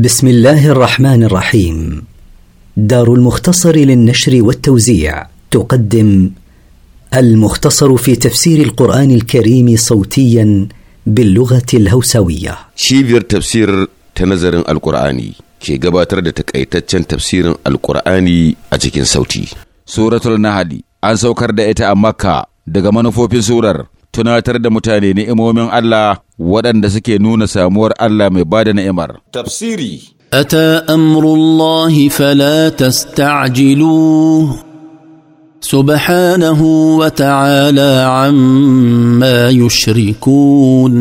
بسم الله الرحمن الرحيم دار المختصر للنشر والتوزيع تقدم المختصر في تفسير القرآن الكريم صوتيا باللغة الهوسوية شيفير تفسير تنظر القرآني كي قباتر تكأيتتشن تفسير القرآني أجيكين صوتي سورة النهل أنسو سوكر دائتا مكة دقمان فوبين سورر tunatar da mutane ni'imomin Allah waɗanda suke nuna samuwar Allah mai ba da ni'imar. Tafsiri أتى أمر الله فلا تستعجلوه سبحانه وتعالى عما يشركون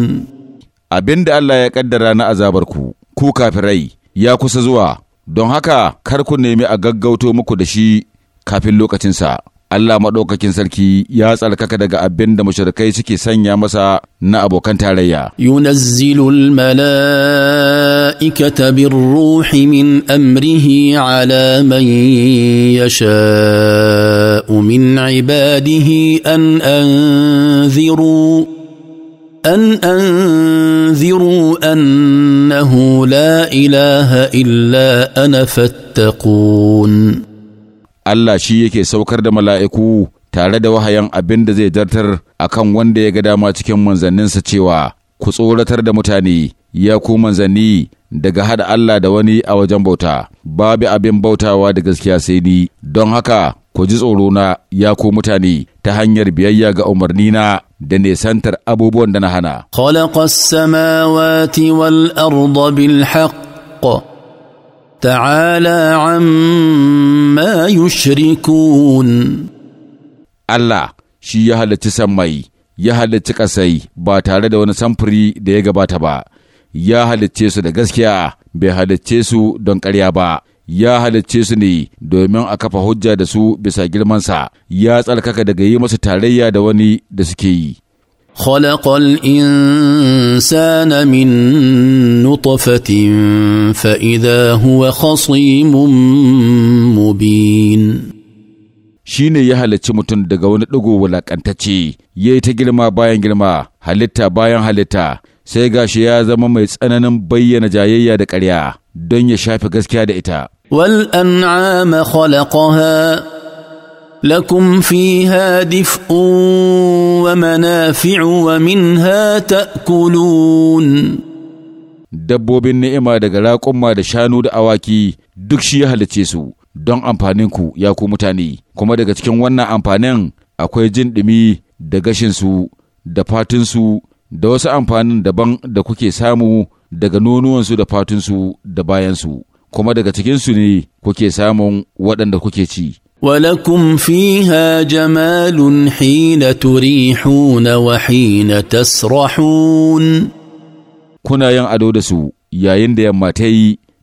abin da Allah ya ƙaddara na azabarku, ku kafirai, ya kusa zuwa, don haka kar ku nemi a gaggauto muku da shi kafin lokacinsa. Allah maɗaukakin sarki ya tsarkaka daga abin da mushrikai suke sanya masa na abokan tarayya. Yunazzilul mala'ikata bir ruhi min amrihi ala man yasha'u min ibadihi an anziru أن أنذروا أنه لا إله إلا أنا فاتقون Allah shi yake saukar da mala'iku tare da wahayan abin da zai zartar a kan wanda ya ga dama cikin manzanninsa cewa, Ku tsoratar da mutane, ya ku manzanni daga haɗa Allah da wani a wajen bauta, babu abin bautawa da gaskiya sai ni, don haka ku ji tsorona ya ku mutane ta hanyar biyayya ga umarnina da nesantar abubuwan da na hana. samawati wal تعالى عما يشركون الله shi ya halarci sammai ya halarci ƙasai ba tare da wani samfuri da ya gabata ba ya halarce su da gaskiya bai halarce su don ƙarya ba ya halarce su ne domin a kafa hujja da su bisa girmansa ya tsarkaka daga yi masu tarayya da wani da suke yi خلق الانسان من نطفه فاذا هو خصيم مبين shi ne ya halarci mutum daga wani ɗigo wulaƙantacce ya yi ta girma bayan girma halitta bayan halitta sai gashi ya zama mai tsananin bayyana jayayya da ƙarya don ya shafe gaskiya da ita wal an'ama khalaqaha لكم فيها دفء ومنافع ومنها تأكلون dabbobin ni'ima daga raƙumma da shanu da awaki duk shi ya halicce su don amfaninku ya ku mutane kuma daga cikin wannan amfanin akwai jin ɗumi da gashinsu da fatinsu da wasu amfanin daban da kuke samu daga nonuwansu da fatinsu da bayansu kuma daga cikinsu ne kuke samun waɗanda kuke ci ولكم فيها جمال حين تريحون وحين تسرحون kuna yin ado da su yayin da yamma ta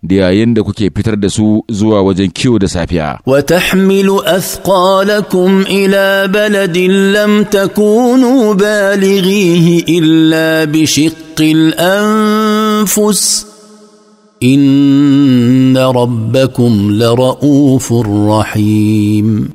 da yayin da kuke fitar da su zuwa wajen kiwo da safiya. Wa tahmilu athqalakum ila baladin lam takunu balighihi illa bi anfus ان ربكم لرؤوف رحيم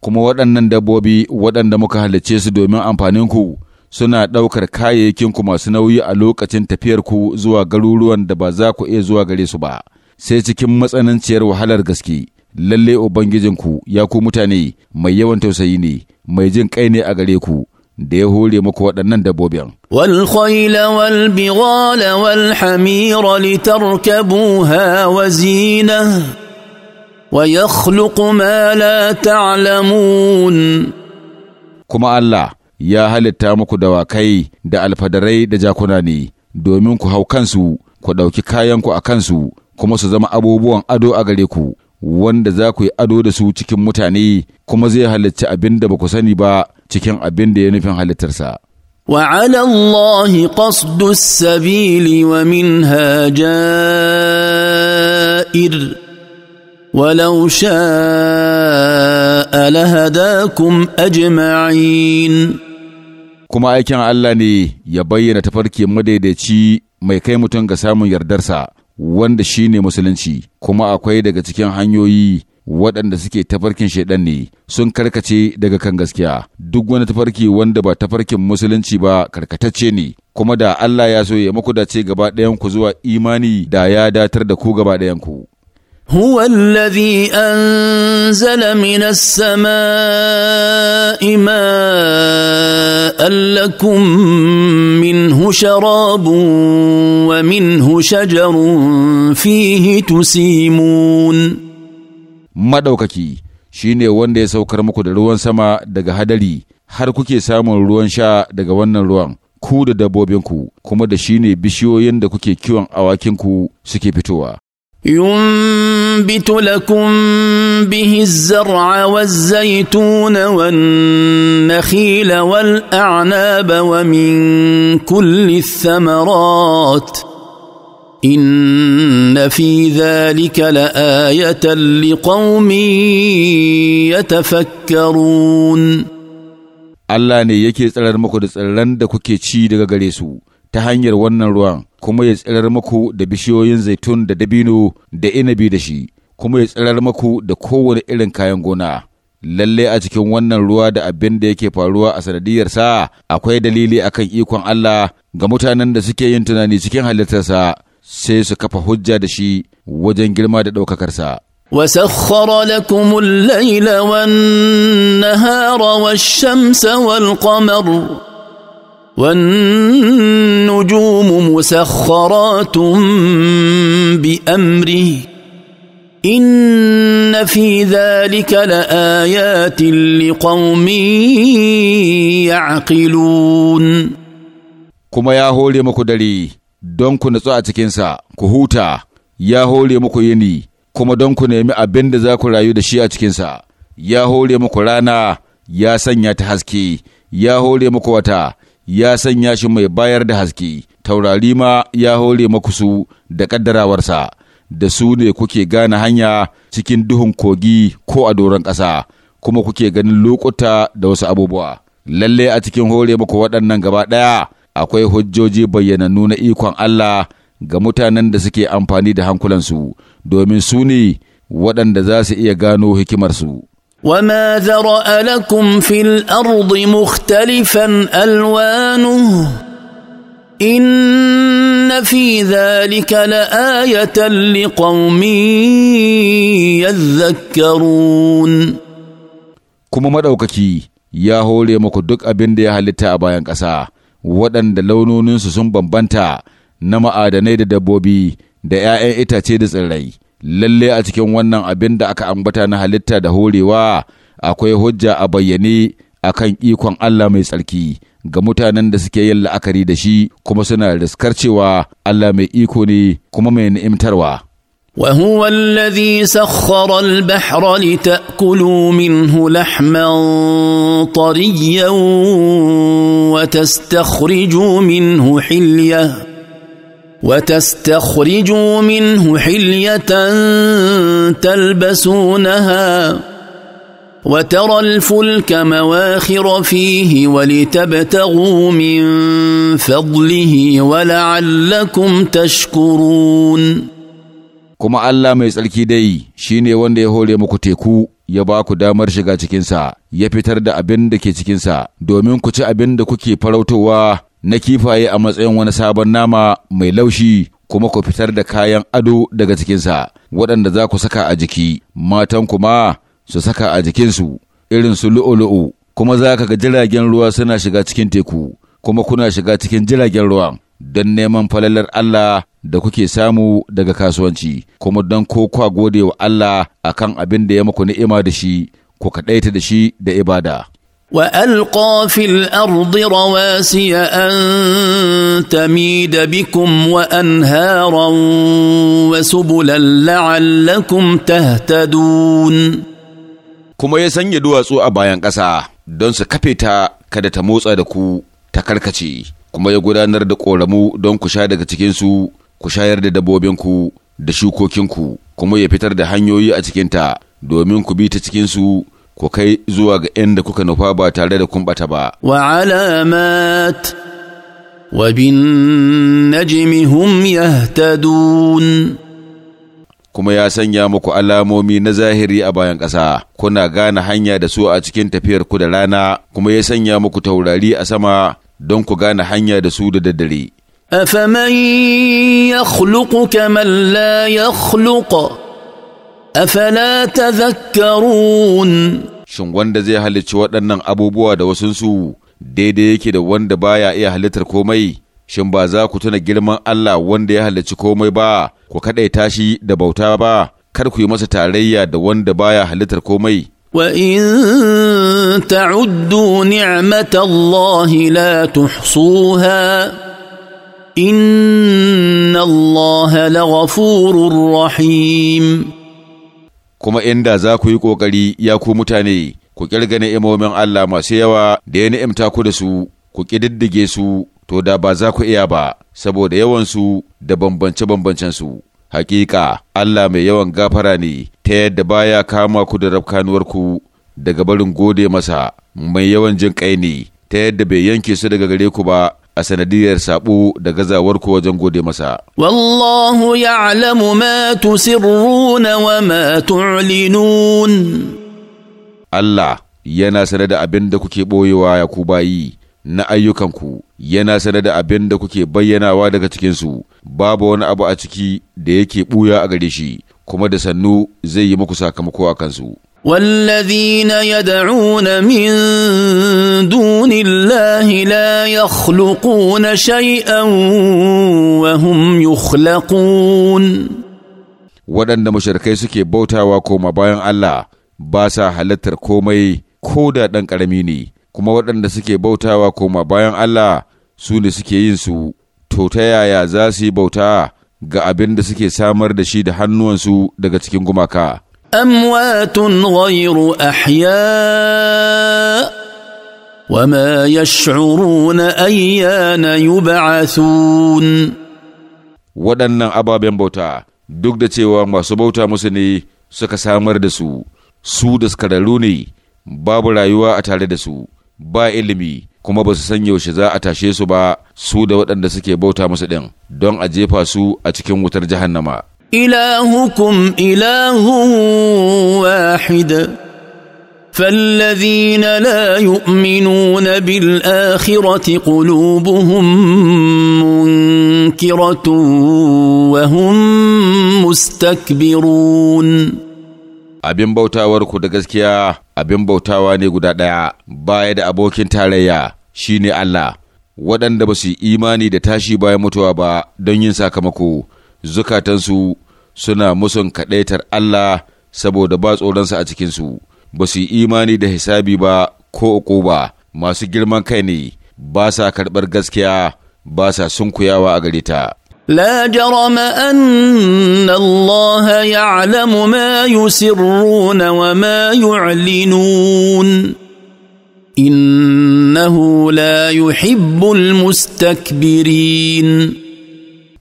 kuma waɗannan dabbobi waɗanda muka halicce su domin amfaninku suna ɗaukar kayayyakinku masu nauyi a lokacin tafiyarku zuwa garuruwan da ba za ku iya zuwa gare su ba sai cikin matsananciyar wahalar gaske lalle ubangijinku ya ku mutane mai yawan tausayi ne mai jin kai ne a gare ku da ya hore muku waɗannan dabbobin. Wal khayla wal bighala wal hamira litarkabuha wa zina wa yakhluqu ma la ta'lamun. Kuma Allah ya halitta muku dawakai da alfadarai da jakuna ne domin ku hau kansu ku ɗauki kayanku a kansu kuma su zama abubuwan ado a gare ku wanda za ku yi ado da su cikin mutane kuma zai halarci abin da ba ku sani ba cikin abin da ya nufin halittarsa. وعلى الله قصد السبيل ومنها جائر ولو شاء لهداكم أجمعين kuma aikin Allah ne ya bayyana tafarki madaidaici mai kai mutum ga samun yardarsa wanda shi ne musulunci kuma akwai daga cikin hanyoyi waɗanda suke tafarkin shaidan ne sun karkace daga kan gaskiya duk wani tafarki wanda ba tafarkin musulunci ba karkatacce ne kuma da Allah ya so ya muku dace gaba ɗayan ku zuwa imani da ya datar da ku gaba ɗayan ku هو الذي انزل من السماء ماء لكم منه شراب ومنه شجر فيه تسيمون maɗaukaki shi ne wanda ya saukar muku da ruwan sama daga hadari har kuke samun ruwan sha daga wannan ruwan ku da dabbobinku kuma da shi ne bishiyoyin da kuke kiwon awakinku suke fitowa. ينبت لكم به الزرع والزيتون والنخيل والاعناب ومن كل الثمرات ان في ذلك لايه لقوم يتفكرون Allah ne yake tsarar muku da tsirran da kuke ci daga gare su ta hanyar wannan ruwan kuma ya tsirar muku da bishiyoyin zaitun da dabino da inabi da shi kuma ya tsirar muku da kowane irin kayan gona lalle a cikin wannan ruwa da abin da yake faruwa a sa, akwai dalili akan ikon Allah ga mutanen da suke yin tunani cikin halittarsa sai su kafa hujja da shi wajen girma da ɗaukakarsa. وسخر لكم الليل والنهار والشمس والقمر والنجوم مسخرات بأمره إن في ذلك لآيات لقوم يعقلون كما يا هولي مكدري don ku natsu a cikinsa, ku huta, ya hore muku yini, kuma don ku nemi abin da za ku rayu da shi a cikinsa, ya hore muku rana, ya sanya ta haske, ya hore muku wata, ya sanya shi mai bayar da haske, taurari ma ya hore muku su da ƙaddarawarsa, da su ne kuke gane hanya cikin duhun kogi ko a doron ƙasa, kuma kuke ganin lokuta da wasu abubuwa. Lalle a cikin hore muku waɗannan gaba ɗaya. akwai hujjoji bayyana nuna ikon Allah ga mutanen da suke amfani da hankulansu domin su ne waɗanda za su iya gano hikimarsu. وما ذرأ لكم في الأرض مختلفا ألوانه إن في ذلك لآية لقوم zakarun. kuma maɗaukaki ya hore muku duk abin da ya halitta a bayan ƙasa. waɗanda launoninsu sun bambanta na ma'adanai da dabbobi da 'ya'yan itace da tsirrai lalle a cikin wannan abin da aka ambata na halitta da horewa akwai hujja a bayyane a kan ikon Allah mai tsarki ga mutanen da suke yin la'akari da shi kuma suna riskar cewa Allah mai iko ne kuma mai ni'imtarwa. وهو الذي سخر البحر لتاكلوا منه لحما طريا وتستخرجوا منه حليه وتستخرجوا منه حليه تلبسونها وترى الفلك مواخر فيه ولتبتغوا من فضله ولعلكم تشكرون kuma Allah mai tsarki dai shi ne wanda ya hore muku teku ya ba ku damar shiga cikinsa ya fitar da abin da ke cikinsa domin ku ci abin da kuke farautowa na kifaye a matsayin wani sabon nama mai laushi kuma ku fitar da kayan ado daga cikinsa waɗanda za ku saka a jiki matan kuma su saka a jikinsu irin su lu'ulu'u kuma za ka ga jiragen ruwa suna shiga cikin teku kuma kuna shiga cikin jiragen ruwan don neman falalar Allah da kuke samu daga kasuwanci, kuma don ko kwa gode wa Allah akan abin da ya muku ni'ima da shi, ku kaɗaita da shi da ibada. والقى في الارض رواسي an تميد wasu وانهارا وسبلا لعلكم تهتدون kuma ya sanya duwatsu a bayan ƙasa don su kafe ta kada ta motsa da ku ta karkace kuma ya gudanar da ƙoramu don ku sha daga cikinsu ku shayar da dabbobinku da shukokinku kuma ya fitar da hanyoyi a cikinta domin ku bi ta cikinsu ku kai zuwa ga inda kuka nufa ba tare da kumbata ba. Wa alamat wa bin najmi yahtadun. kuma ya sanya muku alamomi na zahiri a bayan ƙasa, kuna gane hanya da su a cikin tafiyar ku da rana, kuma ya sanya muku taurari a sama don ku gane hanya da su da daddare. أفمن يخلق كمن لا يخلق أفلا تذكرون Shin wanda zai halicci waɗannan abubuwa da wasunsu daidai yake da wanda baya iya halittar komai? shin ba za ku tuna girman Allah wanda ya halarci komai ba, ku kaɗaita shi da bauta ba, kar ku yi masa tarayya da wanda baya halittar komai. وإن تعدوا نعمة الله لا kuma inda za ku yi ƙoƙari ya ku mutane ku ƙirga imomin Allah masu yawa da ya ni'imta ku da su ku ƙididdige su to da ba za ku iya ba saboda yawansu da bambance-bambancensu. Hakika Allah mai yawan gafara ne ta yadda baya kama ku da rafkanuwarku daga barin gode masa mai yawan jin kai ne ta yadda bai yanke su daga gare ku ba a sanadiyar sabo da gazawarku wajen gode masa. Wallahu ya'lamu ma tusirruna wa ma tu'linun. Allah yana sanar da abin da kuke ɓoyewa ya ku bayi. na ayyukanku yana sanar da abin da kuke bayyanawa daga cikinsu babu wani abu a ciki da yake ɓuya a gare shi kuma da sannu zai yi muku sakamako a kansu والذين يدعون من دون الله لا يخلقون شيئا وهم يخلقون waɗanda mashirkai suke bautawa koma bayan Allah ba sa halattar komai ko da ɗan ƙarami ne kuma waɗanda suke bautawa koma bayan Allah su ne suke yin su, to ta yaya za su yi bauta ga abin da suke samar da shi da hannuwansu daga cikin gumaka. أموات غير أحياء وما يشعرون ayyana يبعثون waɗannan ababen bauta duk da cewa masu bauta musu ne suka samar da su su daskararru ne babu rayuwa a tare da su ba ilimi kuma ba su san yaushe za a tashe su ba su da waɗanda suke bauta musu ɗin don a jefa su a cikin wutar jahannama. ilahukum ilahu wahid فالذين لا يؤمنون بالآخرة قلوبهم منكرة وهم مستكبرون abin bautawarku da gaskiya abin bautawa ne guda ɗaya baya da abokin tarayya shine Allah waɗanda ba su imani da tashi bayan mutuwa ba don yin sakamako zukatansu suna musun kaɗaitar Allah saboda ba tsoronsa a cikinsu ba su yi imani da hisabi ba ko uku ba masu girman kai ne ba sa karɓar gaskiya ba sa sunkuyawa a gare ta. لا جرم ان الله يعلم ما يسرون وما يعلنون انه لا يحب المستكبرين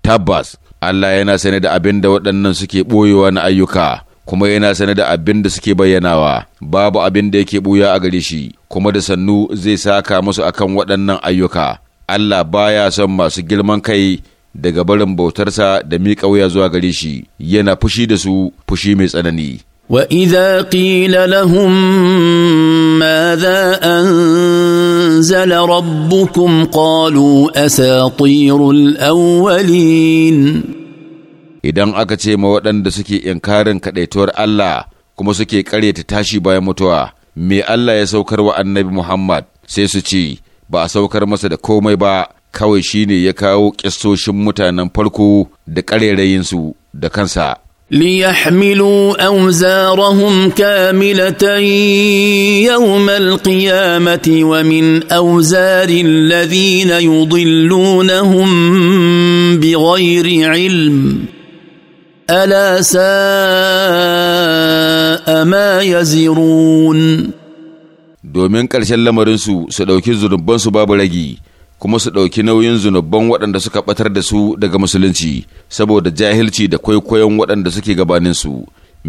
tabbas Allah yana sane da abin da waɗannan suke ɓoyewa na ayyuka kuma yana sane da abin da suke bayyanawa babu abin da yake ɓuya a gare shi kuma da sannu zai saka musu akan waɗannan ayyuka Allah baya son masu girman kai daga barin bautarsa da miƙa wuya zuwa gare shi yana fushi da su fushi mai tsanani wa ƙila lahum لهم zala rabbukum ربكم a اساطير الاولين idan aka ce ma waɗanda suke inkarin kaɗaituwar Allah kuma suke ƙaryata tashi bayan mutuwa me Allah ya saukar wa annabi Muhammad sai su ce ba a saukar masa da komai ba kawai shi ne ya kawo ƙistoshin mutanen farko da ƙarerayinsu da kansa. ليحملوا أوزارهم كاملة يوم القيامة ومن أوزار الذين يضلونهم بغير علم ألا ساء ما يزرون domin ƙarshen lamarinsu su ɗauki zunubansu babu ragi kuma su ɗauki nauyin zunubban waɗanda suka ɓatar da su daga musulunci saboda jahilci da kwaikwayon waɗanda suke gabaninsu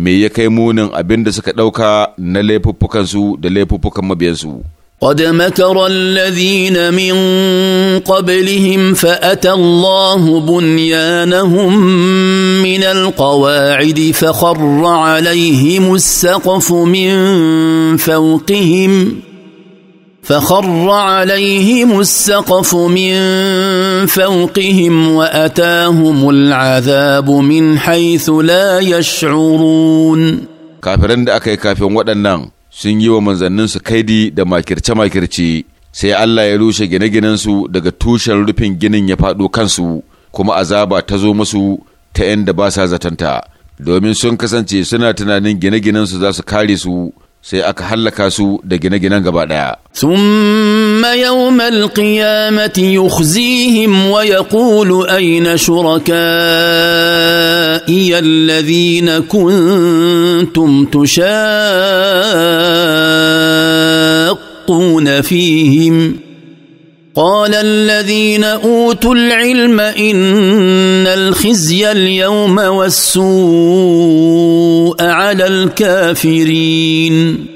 me ya kai munin abin da suka ɗauka na laifuffukansu da laifuffukan mabiyansu قد مكر الذين من قبلهم فاتى الله بنيانهم من القواعد فخر عليهم السقف من فوقهم فخر عليهم السقف من فوقهم واتاهم العذاب من حيث لا يشعرون kafiran da aka yi kafin waɗannan sun yi wa manzanninsu kaidi da makirce-makirce sai Allah ya rushe gine-ginensu daga tushen rufin ginin ya faɗo kansu kuma azaba ta zo musu ta ‘yan da ba sa zatanta domin sun kasance suna tunanin gine-ginensu za su kare su sai aka hallaka su da gine-ginen gaba ɗaya. ثم يوم القيامة يخزيهم ويقول أين شركائي الذين كنتم تشاقون فيهم قال الذين اوتوا العلم ان الخزي اليوم والسوء على الكافرين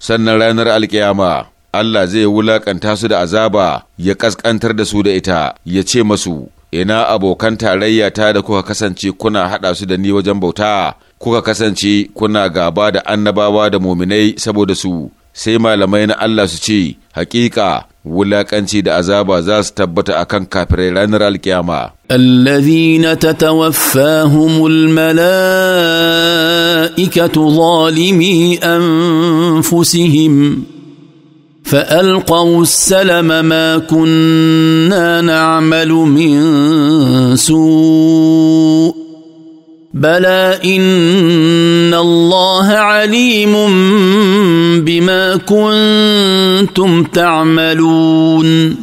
sannan ranar alkiyama Allah zai wulaƙanta su da azaba ya ƙasƙantar da su da ita ya ce masu ina abokan tarayya ta da kuka kasance kuna haɗa su da ni wajen bauta kuka kasance kuna gaba da annabawa da muminai saboda su sai malamai na Allah su ce hakika wulaƙanci da azaba za su tabbata a kan kafirai الذين تتوفاهم الملائكة ظالمي أنفسهم فألقوا السلم ما كنا نعمل من سوء بلى ان الله عليم بما كنتم تعملون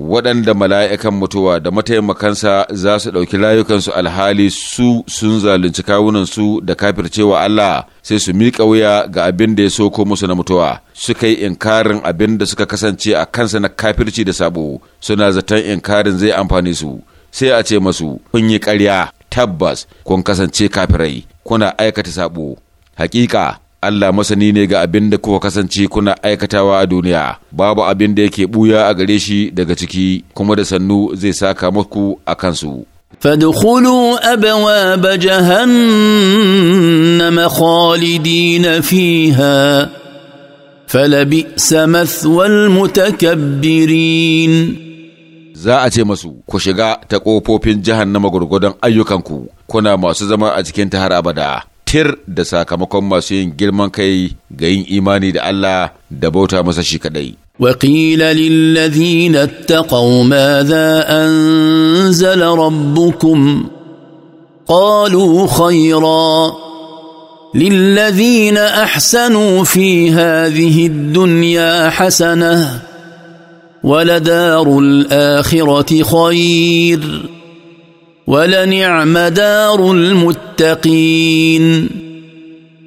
waɗanda mala'ikan mutuwa da mataimakansa za su ɗauki layukansu alhali su sun zalunci kawunansu da kafircewa Allah sai su miƙa wuya ga abin da ya soko musu na mutuwa suka yi inkarin abin da suka kasance a kansa na kafirci da sabo suna zaton inkarin zai amfani su sai a ce masu kun yi ƙarya tabbas kun kasance kafirai kuna aikata sabo hakika Allah masani ne ga abin da kuka kasance kuna aikatawa a duniya babu abin da yake buya a gare shi daga ciki kuma da sannu zai saka muku a kansu فادخلوا ابواب جهنم خالدين فيها فلبئس مثوى المتكبرين za a ce masu ku shiga ta ƙofofin jahannama gwargwadon ayyukanku kuna masu zama a cikin ta har abada tir da sakamakon masu yin girman kai ga yin imani da Allah da bauta masa shi kadai وقيل للذين اتقوا ماذا انزل ربكم قالوا خيرا للذين احسنوا في هذه الدنيا حسنه ولدار الاخره خير ولنعم دار المتقين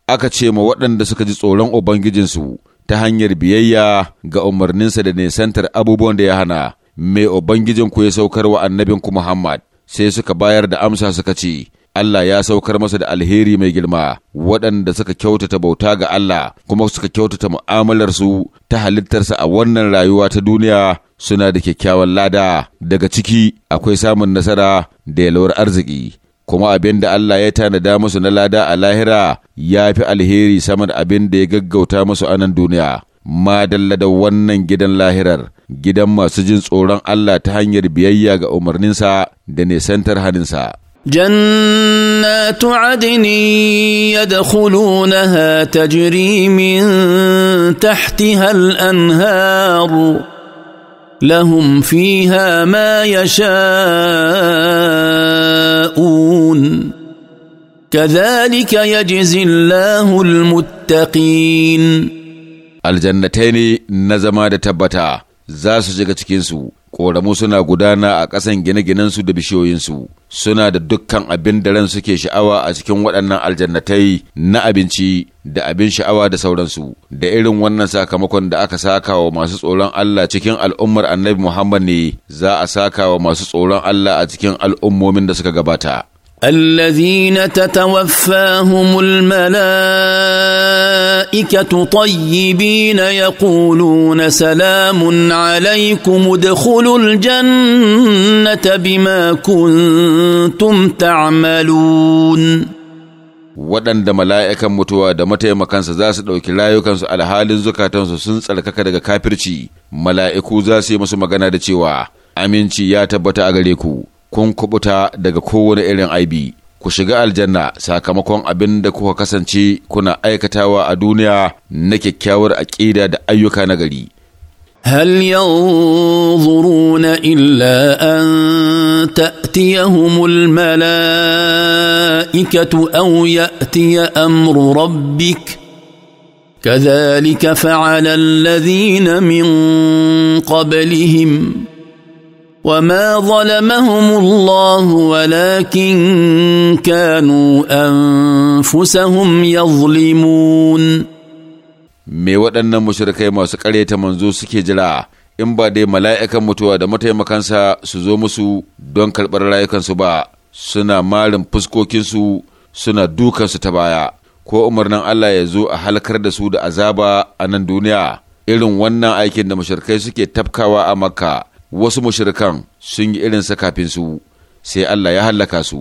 aka ce ma waɗanda suka ji tsoron Ubangijinsu ta hanyar biyayya ga umarninsa da nesantar abubuwan da ya hana, mai Ubangijinku ya saukar wa annabinku Muhammad, sai suka bayar da amsa suka ce, Allah ya saukar masa da alheri mai girma waɗanda suka kyautata bauta ga Allah kuma suka kyautata mu'amalarsu ta halittarsa a wannan rayuwa ta duniya suna da kyakkyawan lada daga ciki akwai samun nasara da yalwar arziki kuma abin da Allah ya tanada musu na lada a lahira ya fi alheri saman abin da ya gaggauta musu a nan duniya ma da wannan gidan lahirar gidan masu jin tsoron Allah ta hanyar biyayya ga umarninsa da nesantar haninsa. جنات عدن يدخلونها تجري من تحتها الانهار لهم فيها ما يشاءون كذلك يجزي الله المتقين الجنتين نزما تبتا زاسو جگتكينسو koramu suna gudana a ƙasan gine-ginensu da bishiyoyinsu, suna da dukkan abin da ran suke sha'awa a cikin waɗannan aljannatai na abinci da abin sha'awa da sauransu, da irin wannan sakamakon da aka saka wa masu tsoron Allah cikin al'ummar annabi Muhammad ne za a saka wa masu tsoron Allah a cikin al'ummomin da suka gabata. الذين تتوفاهم الملائكه طيبين يقولون سلام عليكم ادخلوا الجنه بما كنتم تعملون waɗanda mala'ikan mutuwa da mataimakansa za su ɗauki rayukansu alhalin zukatansu sun tsarkaka daga kafirci mala'iku za su yi musu magana da cewa aminci ya tabbata a gare ku kun kubuta daga kowane irin aibi ku shiga aljanna sakamakon abin da kuka kasance kuna aikatawa a duniya na kyakkyawar aƙida da ayyuka na gari هل ينظرون الا ان تاتيهم الملائكه او ياتي امر ربك كذلك فعل الذين من قبلهم وما ظلمهم الله ولكن كانوا أنفسهم يظلمون me waɗannan mushrikai masu ƙaryata manzo suke jira in ba dai mala'ikan mutuwa da mataimakansa su zo musu don karɓar rayukansu ba suna marin fuskokinsu suna dukansu ta baya ko umarnin Allah ya zo a halkar da su da azaba a nan duniya irin wannan aikin da mushrikai suke tafkawa a makka wasu mushrikan sun yi irinsa kafin su sai Allah ya hallaka su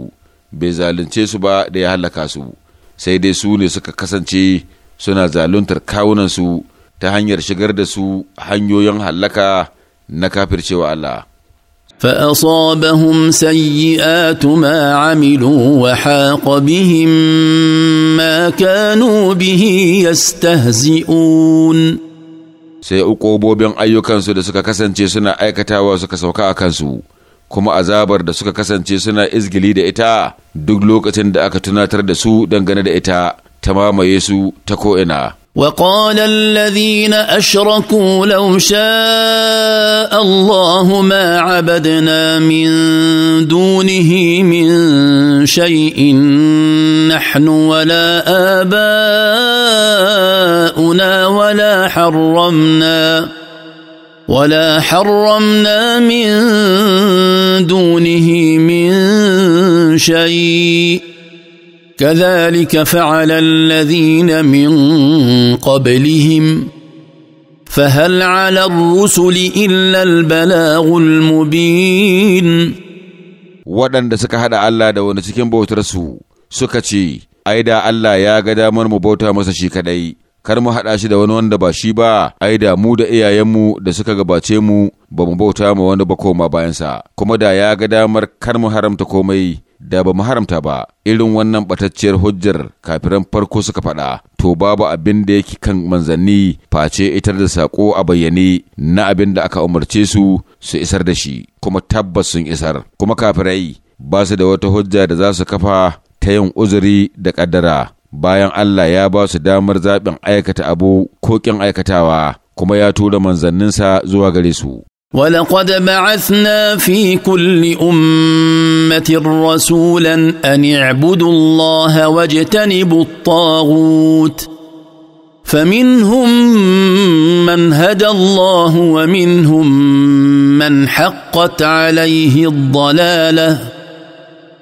bai zalunce su ba da ya hallaka su sai dai su ne suka kasance suna zaluntar kawunansu ta hanyar shigar da su hanyoyin hallaka na kafircewa Allah. فأصابهم سيئات ما عملوا وحاق بهم ما كانوا به يستهزئون sai ƙobobin ayyukansu da suka kasance suna aikatawa suka sauka a kansu kuma azabar da suka kasance suna izgili da ita duk lokacin da aka tunatar da su dangane da ita ta mamaye su ta ko'ina. وقال الذين اشركوا لو شاء الله ما عبدنا من دونه من شيء نحن ولا اباؤنا ولا حرمنا ولا حرمنا من دونه من شيء كذلك فعل الذين من قبلهم فهل على الرسل إلا البلاغ المبين waɗanda suka haɗa Allah da wani cikin bautarsu suka ce, Ai, da Allah ya ga damar mu bauta masa shi kaɗai, kar mu haɗa shi da wani wanda ba shi ba, ai, da mu da iyayenmu da suka gabace mu ba mu bauta ma wani ba koma bayansa, kuma da ya ga damar kar mu haramta komai da ba mu haramta ba irin wannan batacciyar hujjar kafiran farko suka faɗa to babu abin da yake kan manzanni face itar da saƙo a bayyane na abin da aka umarce su su isar da shi kuma tabbas sun isar kuma kafirai ba su da wata hujja da za su kafa ta yin uzuri da ƙaddara bayan Allah ya ba su damar zaɓin aikata abu ko ƙin aikatawa kuma ya tura manzanninsa zuwa gare su. ولقد بعثنا في كل أمة أمة رسولا أن اعبدوا الله واجتنبوا الطاغوت فمنهم من هدى الله ومنهم من حقت عليه الضلاله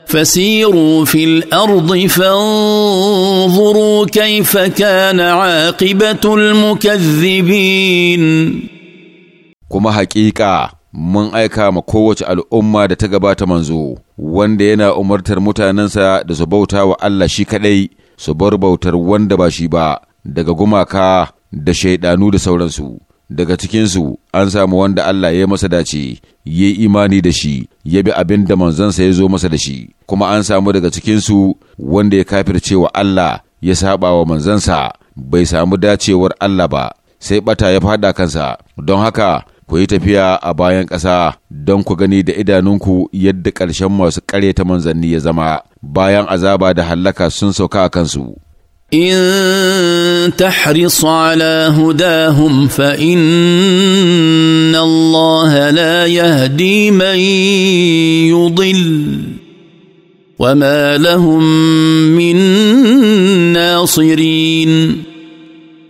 فسيروا في الارض فانظروا كيف كان عاقبه المكذبين كما حقيقه mun aika ma kowace al'umma da ta gabata manzo, wanda yana umartar mutanensa da su bauta wa Allah shi kaɗai, su bar bautar wanda ba shi ba, daga gumaka da shaidanu da sauransu. Daga cikinsu an samu wanda Allah ya masa dace, ya yi imani da shi, ya bi abin da manzansa ya zo masa da shi, kuma an samu daga cikinsu wanda ya kafirce wa Allah ya saba wa manzansa, bai samu dacewar Allah ba, sai bata ya fada kansa, don haka ku yi tafiya a bayan ƙasa don ku gani da idanunku yadda ƙarshen masu ƙaryata manzanni ya zama bayan azaba da hallaka sun sauka a kansu. In تحرص على هداهم فإن الله la يهدي من يضل وما لهم من ناصرين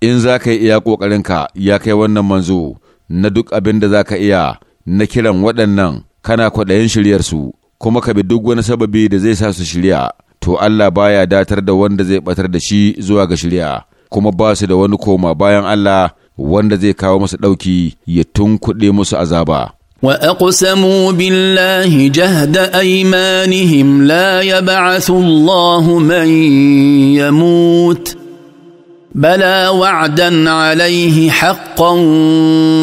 إن ذاك يا قوقرنك يا كي ونن منزو na duk abin da za ka iya na kiran waɗannan kana kwaɗayin shiryarsu kuma ka bi duk wani sababi da zai sa su shirya to Allah baya datar da wanda zai batar da shi zuwa ga shirya kuma ba su da wani koma bayan Allah wanda zai kawo masu ɗauki ya tun tunkuɗe musu azaba. واقسموا بالله جهد ايمانهم لا يبعث الله من يموت بلى وعدا عليه حقا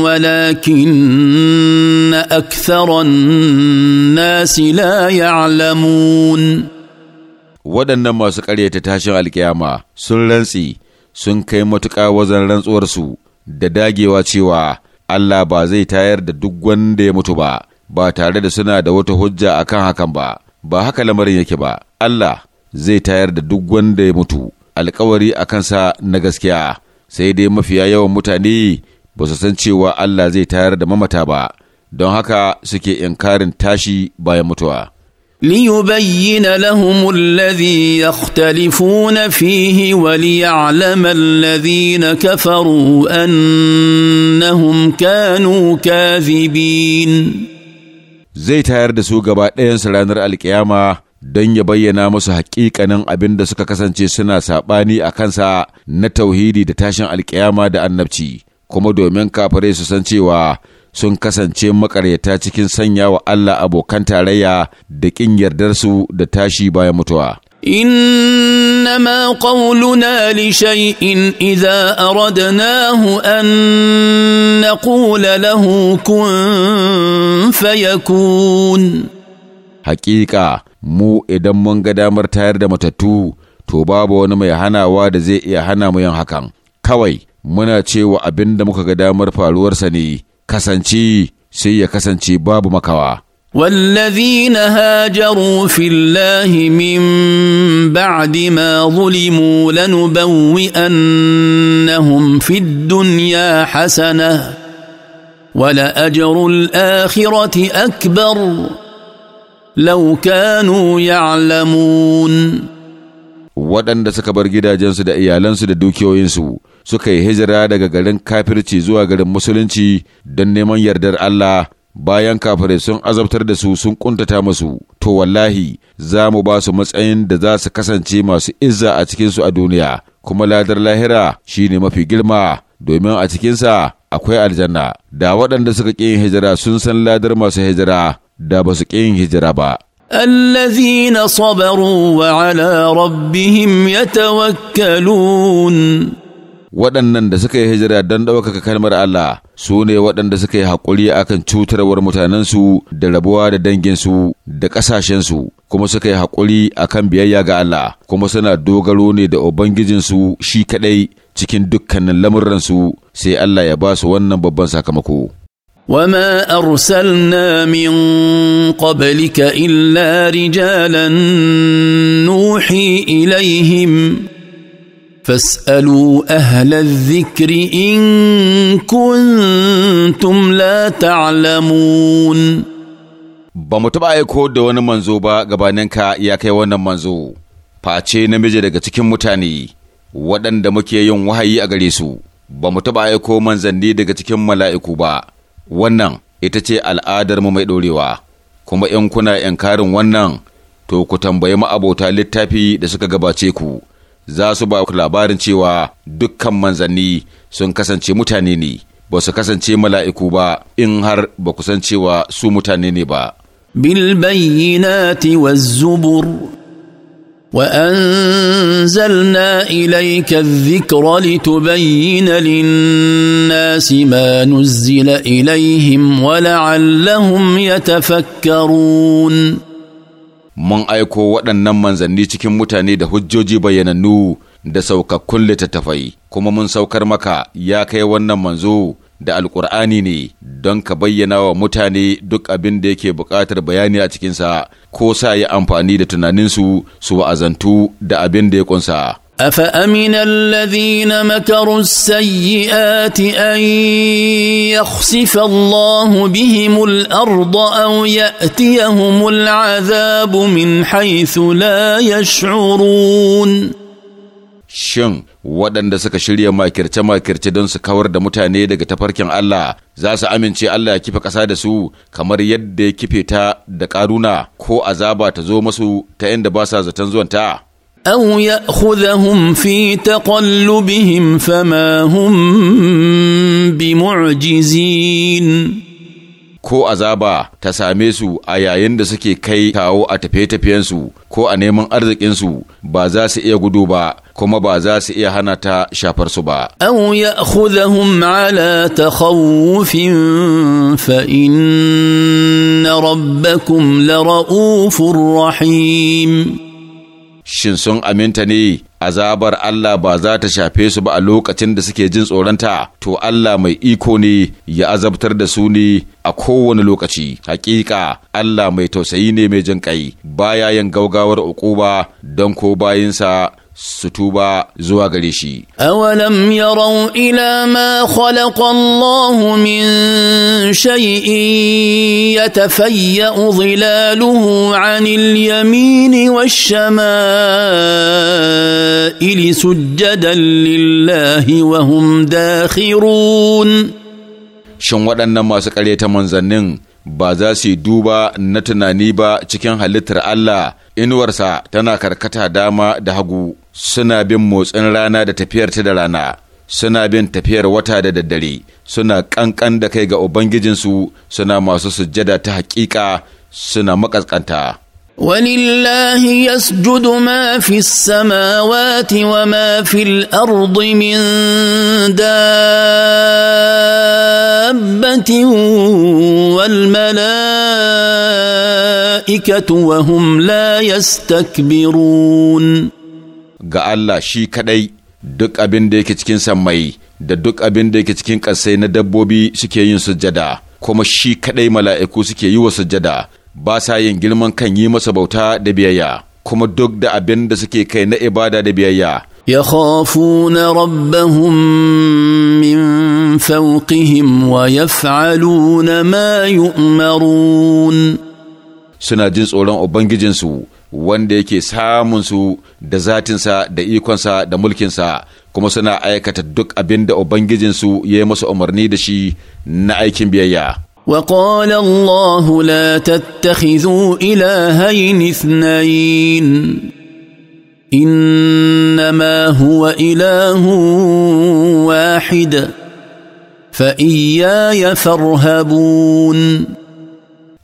ولكن اكثر الناس لا يعلمون waɗannan masu ƙaryata tashin alkiyama sun rantsi sun kai matuƙa wajen rantsuwarsu da dagewa cewa Allah ba zai tayar da duk wanda ya mutu ba ba tare da suna da wata hujja akan hakan ba ba haka lamarin yake ba Allah zai tayar da duk wanda ya mutu alkawari a kansa na gaskiya sai dai mafiya yawan mutane ba su san cewa Allah zai tayar da mamata ba don haka suke inkarin tashi bayan mutuwa ليبين لهم الذي يختلفون فيه وليعلم الذين كفروا انهم كانوا zibin. zai tayar da su gaba ɗayansu ranar alkiyama don ya bayyana musu haƙiƙanin abin da suka kasance suna saɓani a kansa na tauhidi da tashin alƙiyama da annabci, kuma domin kafare su san cewa sun kasance makaryata cikin sanya wa Allah abokan tarayya da ƙin yardarsu da tashi bayan mutuwa. lishai قولنا iza اذا nahu ان نقول له كن فيكون حقيقه mu idan mun ga damar tayar da matattu to babu wani mai hanawa da zai iya hana mu yin hakan kawai muna cewa abin da muka ga damar faruwarsa ne kasance sai ya kasance babu makawa والذين هاجروا في الله من بعد ما ظلموا لنبوئنهم في الدنيا حسنه ولاجر الاخره اكبر لو كانوا يعلمون waɗanda suka bar gidajensu da iyalansu da dukiyoyinsu suka yi hijira daga garin kafirci zuwa garin musulunci don neman yardar Allah bayan kafirai sun azabtar da su sun kuntata musu to wallahi za mu ba su matsayin da za su kasance masu izza a cikinsu a duniya kuma ladar lahira shine mafi girma domin a cikinsa akwai aljanna da waɗanda suka ƙi hijira sun san ladar masu hijira da ba su ƙi yin hijira ba. الذين صبروا rabbihim ya tawakkalun waɗannan da suka yi hijira don ɗaukaka kalmar Allah su ne waɗanda suka yi haƙuri akan cutarwar mutanensu da rabuwa da danginsu da ƙasashensu kuma suka yi haƙuri akan biyayya ga Allah kuma suna dogaro ne da Ubangijinsu shi kaɗai cikin dukkanin lamurransu, sai Allah ya ba su wannan babban sakamako. وما ارسلنا من قبلك الا رجالا نوحي اليهم فاسالوا اهل الذكر ان كنتم لا تعلمون ba mu taɓa aiko da wani manzo ba gabaninka ya kai wannan manzo face namiji daga cikin mutane waɗanda muke yin wahayi a gare su ba taɓa aiko manzanni daga cikin mala'iku ba wannan ita ce al'adar mai ɗorewa, kuma in kuna karin wannan to ku tambayi ma'abota littafi da suka gabace ku, za su ba ku labarin cewa dukkan manzanni sun kasance mutane ne, ba su kasance mala'iku ba in har ba ku san cewa su mutane ne ba. Bil bayyinati zubur وانزلنا اليك الذكر لتبين للناس ما نزل اليهم ولعلهم يتفكرون mun aiko waɗannan manzanni cikin mutane da hujjoji bayyanannu da saukakkun littattafai kuma mun saukar maka ya kai wannan manzo da alkur'ani ne don ka bayyana wa mutane duk abin da yake buƙatar bayani a cikinsa ko sa yi amfani da tunaninsu su wa'azantu da abin da ya ƙunsa. أفأمن الذين مكروا السيئات أن يخسف الله بهم الأرض أو يأتيهم العذاب من حيث لا يشعرون. شن waɗanda suka shirya makirce-makirce don su kawar da mutane daga tafarkin Allah za su amince Allah ya kife ƙasa da su kamar yadda ya kife ta da ƙaruna ko azaba ta zo masu ta inda ba sa zaton zuwanta. أو ta في fama فما bi mu'ajizin. ko azaba ta same su a yayin da suke kai kawo a tafiye-tafiyensu ko a neman arzikinsu ba za su iya gudu ba kuma ba za su iya hana ta shafar su ba. Au ya khudahum ala ta fa inna rabbakum la ra'ufur rahim. Shin sun aminta ne azabar Allah ba za ta shafe su ba a lokacin da suke jin tsoronta, to Allah mai iko ne ya azabtar da su ne a kowane lokaci. Hakika Allah mai tausayi ne mai jin ƙai, baya yin gaugawar ba don ko bayinsa su tuba zuwa gare shi. Awalam yarau ila ma khalaqa Allah min shay'in yatafayya'u dhilaluhu 'anil yamini wash-shama'ili sujjadan lillahi wa hum dakhirun Shin waɗannan masu ƙaryata manzannin ba za su yi duba na tunani ba cikin halittar Allah inuwarsa tana karkata dama da hagu suna bin motsin rana da tafiyarta da rana suna bin tafiyar wata da daddare suna ƙanƙan da kai ga ubangijinsu suna masu sujjada ta haƙiƙa suna makaskanta ولله يسجد ما في السماوات وما في الارض من دابه والملائكه وهم لا يستكبرون ga Allah shi kaɗai duk abin da yake cikin sammai da duk abin da yake cikin ƙasai na dabbobi suke yin sujjada kuma shi kaɗai mala'iku suke yi wa sujjada ba sa yin girman kan yi masa bauta da biyayya kuma duk da abin da suke kai na ibada da biyayya Ya khafu na يخافون ربهم من فوقهم na ma yu'marun suna jin tsoron ubangijinsu wanda yake samun su da zatinsa da ikonsa da mulkinsa kuma suna aikata duk abin da ubangijinsu ya yi masa umarni da shi na aikin biyayya وقال الله لا تتخذوا إلهين اثنين إنما هو إله واحد فاياي فارهبون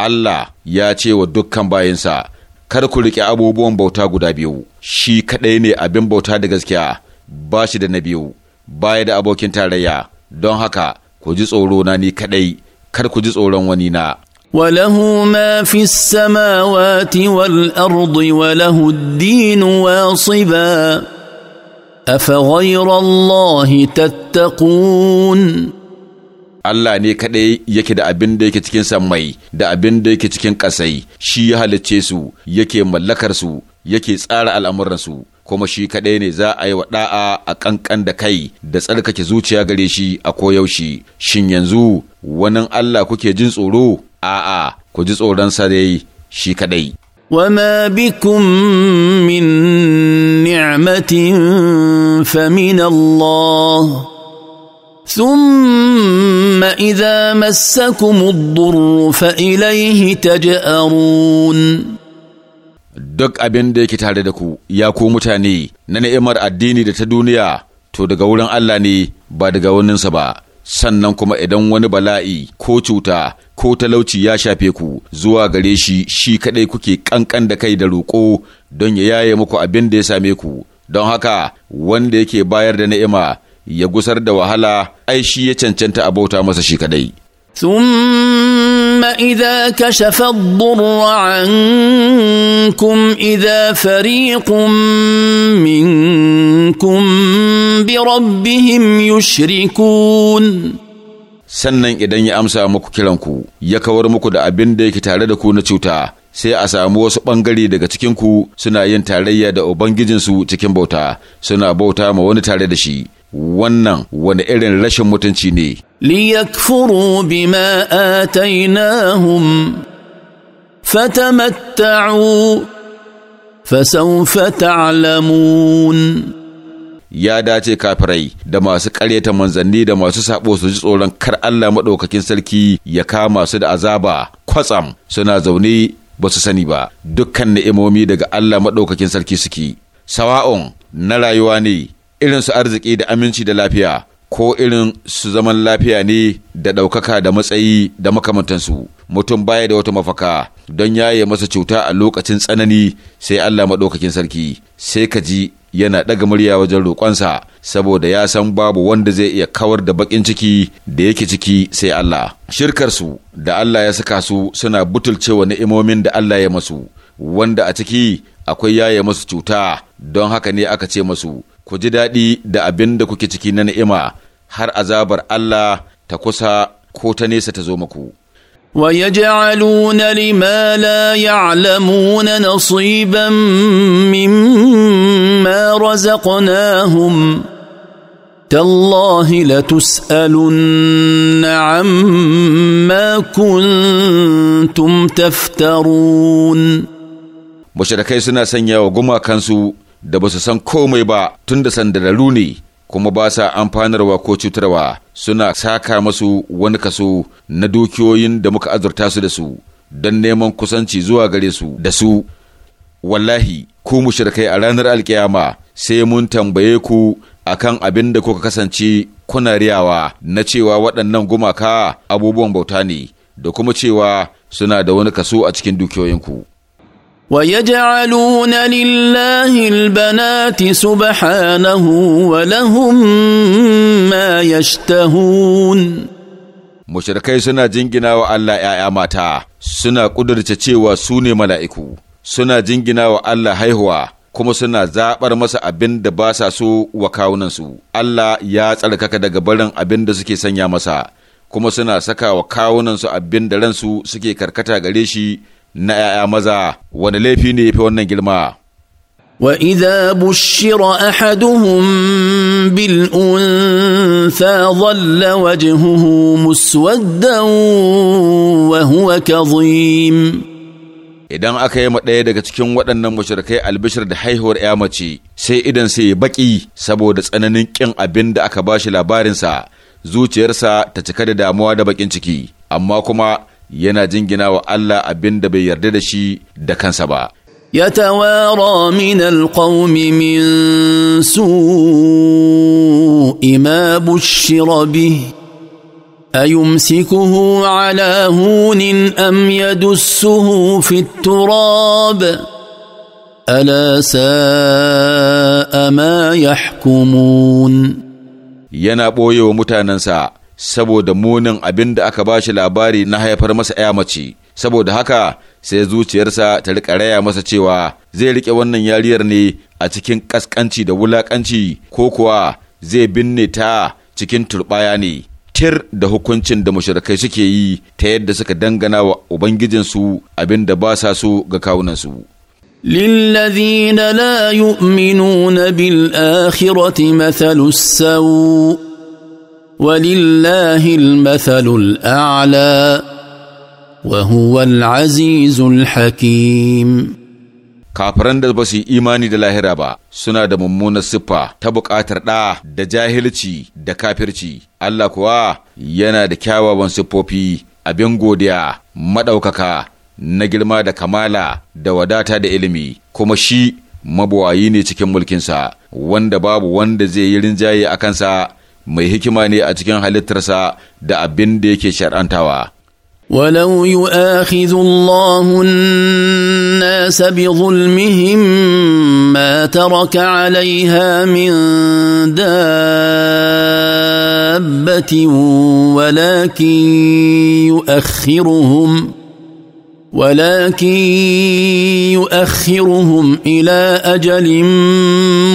الله ya ce wa dukkan bayinsa kada ku riƙe abubuwan bauta guda biyu shi kaɗai ne abin bauta da gaskiya ba shi da na biyu baya da abokin tarayya don haka ku ji tsoro na ni kaɗai kar ku ji tsoron wani na وله ما في السماوات والارض وله الدين واصبا افغير الله تتقون Allah ne kaɗai yake da abin da yake cikin sammai da abin da yake cikin ƙasai shi ya halicce su yake mallakar su yake tsara al'amuransu kuma shi kaɗai ne za a yi wa ɗa'a a ƙanƙan da kai da tsarkake zuciya gare shi a koyaushe shin yanzu wani Allah kuke jin tsoro a'a ku ji tsoron dai shi kaɗai وما بكم من نعمة فمن الله ثم اذا مسكم الضر فاليه تجارون duk abin da yake tare da ku ya ku mutane na ni'imar addini da ta duniya to daga wurin Allah ne ba daga waninsa ba sannan kuma idan wani bala'i ko cuta ko talauci ya shafe ku zuwa gare shi shi kadai kuke kankan da kai da roƙo don ya yaye muku abin da ya same ku don haka wanda yake bayar da ni'ima ya gusar da wahala ai shi ya cancanta a bauta masa shi kadai ثم إذا كشف الضر عنكم إذا فريق منكم بربهم يشركون sannan idan ya amsa muku kiranku ya kawar muku da abin da yake tare da ku na cuta sai a samu wasu ɓangare daga cikinku suna yin tarayya da ubangijinsu cikin bauta suna bauta ma wani tare da shi wannan wani irin rashin mutunci ne liyakfuru bima atainahum fatamatta'u fasawfa ta'lamun ya dace kafirai da masu ƙaryata manzanni da masu sabo su ji tsoron kar Allah maɗaukakin sarki ya kama su da azaba kwatsam suna zaune ba su sani ba dukkan ni'imomi daga Allah maɗaukakin sarki suke sawa'un na rayuwa ne irin su arziki da aminci da lafiya ko irin su zaman lafiya ne da ɗaukaka da matsayi da makamantansu mutum baya da wata mafaka don ya yaye masa cuta a lokacin tsanani sai Allah maɗaukakin sarki sai ka ji yana ɗaga murya wajen roƙonsa saboda ya san babu wanda zai iya kawar da baƙin ciki da yake ciki sai Allah. Shirkarsu da Allah ya saka su suna butulcewa ni'imomin da Allah ya masu, wanda a ciki akwai yaye masu cuta don haka ne aka ce masu ku ji daɗi da abin da kuke ciki na ni'ima har azabar Allah ta kusa ko ta nesa ta zo muku. Waya je aluna limala ya alamu na nasiban min ma razaƙona hun, tallahi latus aluna an makon tumtaftarun. Bashi da suna sanya wa gumakansu da ba su san komai ba tun da sandararru ne kuma ba sa amfanarwa ko cutarwa suna saka masu wani kaso na dukiyoyin da muka azurta su da su don neman kusanci zuwa gare su da su wallahi ku mushrikai a ranar alkiyama sai mun tambaye ku akan abin da kuka kasance kuna riyawa na cewa waɗannan gumaka abubuwan bauta ne da kuma cewa suna da wani kaso a cikin dukiyoyinku. Wa ويجعلون لله البنات سبحانه ولهم ما يشتهون Mushirikai suna jingina wa Allah ‘ya'ya mata, suna ƙudurce cewa su ne mala'iku, suna jingina wa Allah haihuwa, kuma suna zaɓar masa abin da ba sa so wa kawunansu. Allah ya tsarkaka daga barin abin da suke sanya masa, kuma suna saka wa kawunansu abin da ransu suke karkata gare shi na ‘ya'ya maza wani laifi ne ya fi wannan girma. واذا بشر احدهم بالانثى ظل وجهه مسودا وهو كظيم idan aka yi ɗaya daga cikin waɗannan mushrikai albishir da haihuwar ya mace sai idan sai ya baƙi saboda tsananin ƙin abin da aka shi labarinsa zuciyarsa ta cika da damuwa da baƙin ciki amma kuma yana jingina wa Allah abin da bai yarda da shi da kansa ba. Ya tawara min alƙaumi min su ima bushira bi, a yumsikuhu ala hunin am yadussuhu fiturab, ala sa’a ma yahkumun. Yana ɓoye wa mutanensa. saboda munin abin da aka ba shi labari na haifar masa ‘ya mace, saboda haka sai zuciyarsa ta riƙa raya masa cewa zai riƙe wannan yariyar ne a cikin ƙasƙanci da wulaƙanci ko kuwa zai binne ta cikin turɓaya ne. Tir da hukuncin da mashirkai suke yi ta yadda suka dangana wa Ubangijinsu abin da ba sa so ga kawunansu. للذين لا يؤمنون بالآخرة مثل السوء ولله المثل الاعلى وهو العزيز الحكيم kafiran da ba su yi imani da lahira ba suna da mummunar siffa ta buƙatar ɗa da jahilci da kafirci Allah kuwa yana da kyawawan siffofi abin godiya maɗaukaka na girma da kamala da wadata da ilimi kuma shi mabuwayi ne cikin mulkinsa wanda babu wanda zai yi rinjaye a kansa mai hikima ne a cikin halittarsa da abin da yake shar'antawa. ولو يؤاخذ الله الناس بظلمهم ما ترك عليها من دابه ولكن يؤخرهم ولكن يؤخرهم الى اجل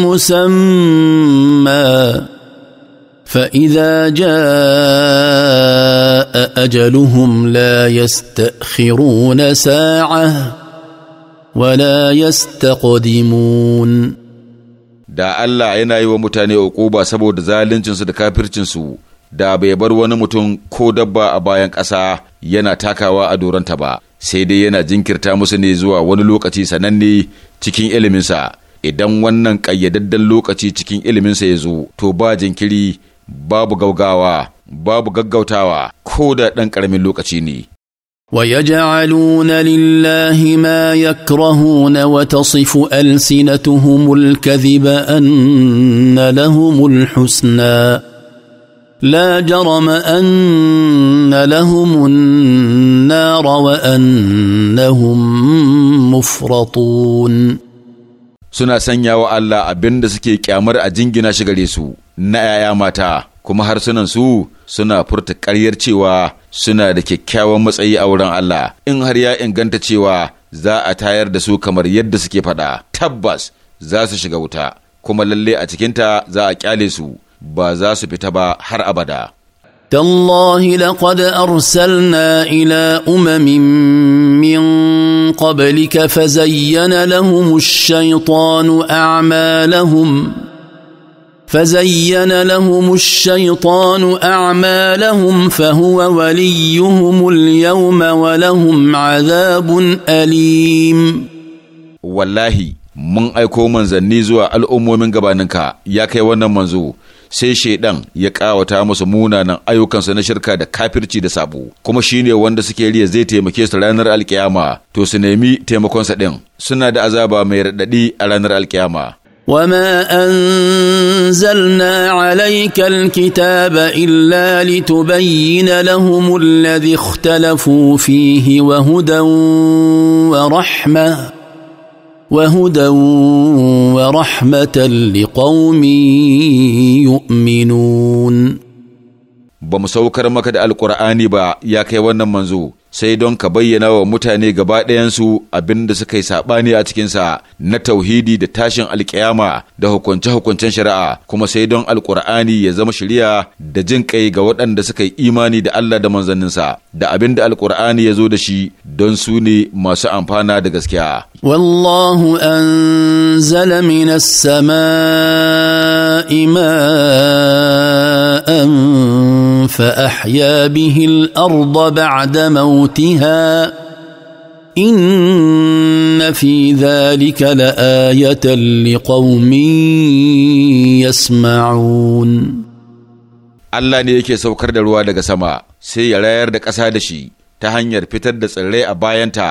مسمى فاذا جاء اجلهم لا يستاخرون ساعه ولا يستقدمون da Allah yana yi wa mutane uquba saboda zaluncinsu da kafircinsu da bai bar wani mutum ko dabba a bayan ƙasa yana takawa a doronta ba sai dai yana jinkirta musu ne zuwa wani lokaci sananne cikin iliminsa idan wannan ƙayyadadden lokaci cikin iliminsa ya zo to ba jinkiri babu gaugawa, babu gaggautawa, ko da ɗan ƙaramin lokaci ne. Wa ya ja na lillahi ma ya ƙarahu wata sifu alsina tuhumul kazi ba an na lahumul husna, la jara ma an na lahumun na rawa an mufratun. Suna sanya wa Allah abinda suke kyamar a jingina shigare su, na ‘ya'ya mata, kuma harsunansu suna furta ƙaryar cewa suna da kyakkyawan matsayi a wurin Allah, in har ya inganta cewa za a tayar da su kamar yadda suke faɗa, tabbas za su shiga wuta, kuma lalle a cikinta za a ƙyale su, ba za su fita ba har abada. تالله لقد ارسلنا الى امم من قبلك فزين لهم الشيطان اعمالهم فزين لهم الشيطان اعمالهم فهو وليهم اليوم ولهم عذاب اليم wallahi mun aiko manzanni zuwa al'ummomin gabaninka ya kai wannan manzo sai shaidan ya ƙawata musu munanan ayyukansa na shirka da kafirci da sabo kuma shine wanda suke riya zai taimake su ranar alkiyama to su nemi taimakonsa ɗin suna da azaba mai raɗaɗi a ranar alkiyama وما انزلنا عليك الكتاب الا لتبين لهم الذي اختلفوا فيه وهدى ورحمه وهدى ورحمه لقوم يؤمنون بمسوكر مكد القران با يا كي wannan sai don ka bayyana wa mutane gaba ɗayansu abin da suka yi saɓani a cikinsa na tauhidi da tashin alkiyama da hukunce-hukuncen shari'a kuma sai don alkur'ani ya zama shirya da jin kai ga waɗanda suka yi imani da Allah da manzanninsa da abin da alkur'ani ya zo da shi don su ne masu amfana da gaskiya. Wallahu anzala minas sama'i ماء فأحيا به الأرض بعد موتها إن في ذلك لآية لقوم يسمعون Allah ne yake saukar da ruwa daga sama sai ya rayar da ƙasa da shi ta hanyar fitar da tsirrai a bayanta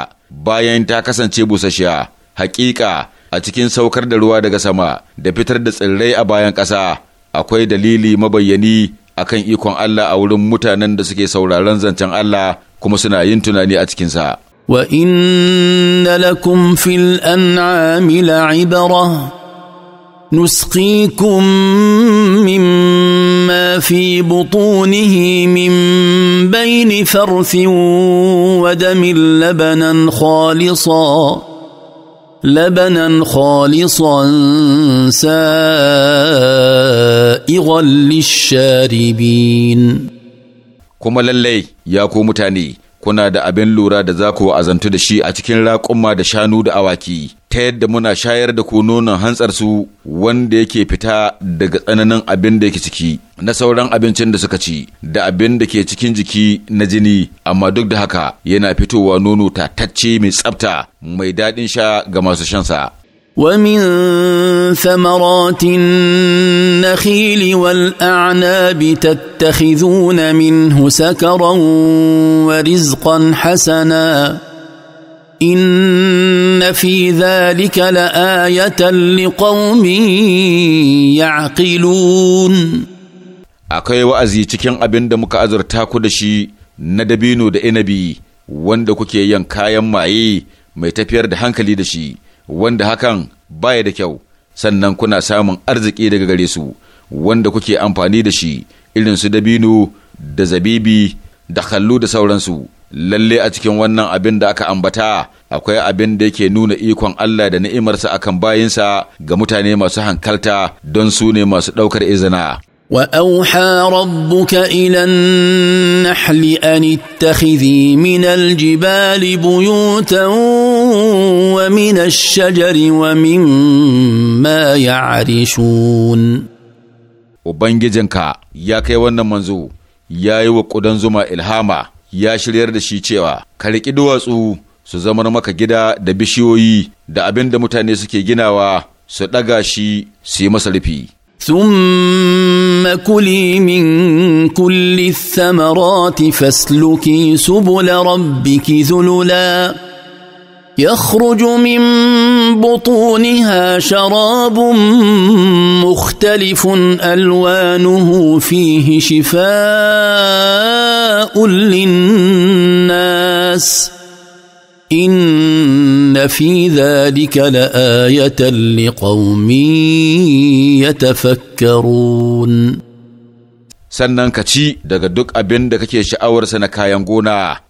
bayan ta kasance busasshiya. Hakika a cikin saukar da ruwa daga sama da fitar da tsirrai a bayan ƙasa akwai dalili mabayyani akan ikon Allah a wurin mutanen da suke sauraron zancen Allah kuma suna yin tunani a cikinsa. Wa inna lakum fil an'ami la'ibara نسقيكم مما في بطونه من بين فرث ودم لبنا خالصاً لبنا خالصا سائغا للشاربين kuma lallai ya ko mutane kuna da abin lura da za ku wa'azantu da shi a cikin raƙumma da shanu da awaki ta yadda muna shayar da ku nonon hantsarsu wanda yake fita daga tsananin abin da yake ciki na sauran abincin da suka ci da abin da ke cikin jiki na jini amma duk da haka yana fitowa nono tatacce mai tsabta mai daɗin sha ga masu shansa. ومن ثمرات النخيل والأعناب تتخذون منه سكرا ورزقا حسنا ان في ذلك لايه لقوم يعقلون akwai wa'azi cikin abin da muka azurta ku da shi na dabino da inabi wanda kuke yin kayan maye mai tafiyar da hankali da shi wanda hakan baya da kyau sannan kuna samun arziki daga gare su wanda kuke amfani da shi irin su dabino da zabibi da kallo da sauransu lalle a cikin wannan abin da aka ambata akwai abin da yake nuna ikon Allah da ni'imarsa akan bayinsa ga mutane masu hankalta don su ne masu ɗaukar izina. وأوحى ربك إلى النحل أن اتخذي من الجبال بيوتا ومن الشجر ومما يعرشون وبنجي جنكا يا كي منزو يا يوكودن زما إلهاما ya shiryar da shi cewa ka riƙi duwatsu su zamar maka gida da bishiyoyi da abin da mutane suke ginawa su ɗaga shi su yi masa rufi. ثم كلي من كل fasluki فاسلكي سبل ربك ذللا يخرج من بطونها شراب مختلف الوانه فيه شفاء للناس ان في ذلك لايه لقوم يتفكرون سنن كتي ci daga duk abin da kake sha'awarsa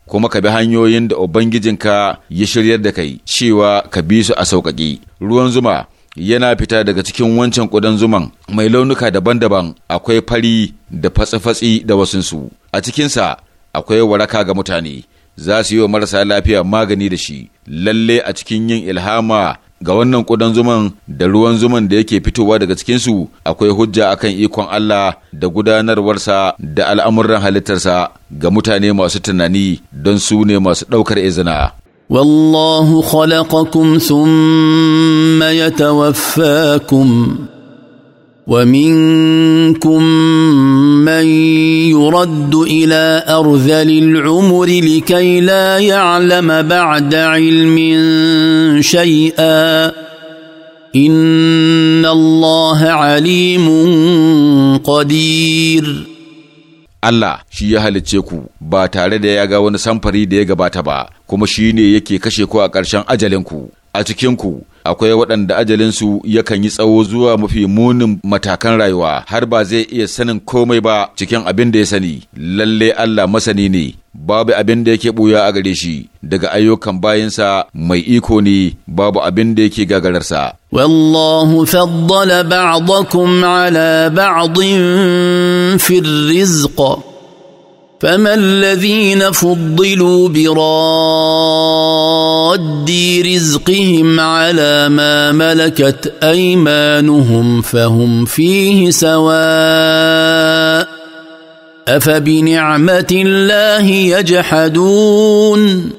kuma ka bi hanyoyin da Ubangijinka ya shiryar da kai cewa ka bi su a sauƙaƙe. Ruwan zuma yana fita daga cikin wancan ƙudan zuman mai launuka daban-daban akwai fari da fatsi-fatsi da wasunsu. A cikinsa akwai waraka ga mutane, za su yi wa marasa lafiya magani da shi, lalle a cikin yin ilhama ga wannan ƙudan zuman da ruwan zuman da yake fitowa daga cikinsu akwai hujja akan ikon Allah da gudanarwarsa da al'amuran halittarsa ga mutane masu tunani don su ne masu ɗaukar izina. Wallahu khalaqakum thumma yatawaffakum ومنكم من يرد الى ارذل العمر لكي لا يعلم بعد علم شيئا ان الله عليم قدير Allah shi ya halicce ku ba tare da ya ga wani samfari da ya gabata ba kuma shi ne yake kashe ku a ƙarshen ajalinku a cikinku akwai waɗanda ajalinsu yakan yi tsawo zuwa mafi munin matakan rayuwa har ba zai iya sanin komai ba cikin abin da ya sani lalle Allah masani ne babu abin da yake buya a gare shi daga ayyukan bayansa mai iko ne babu abin da yake gagararsa. Wallahu faddala ba'dakum ala ba'din fil rizqa فما الذين فضلوا براد رزقهم على ما ملكت ايمانهم فهم فيه سواء افبنعمه الله يجحدون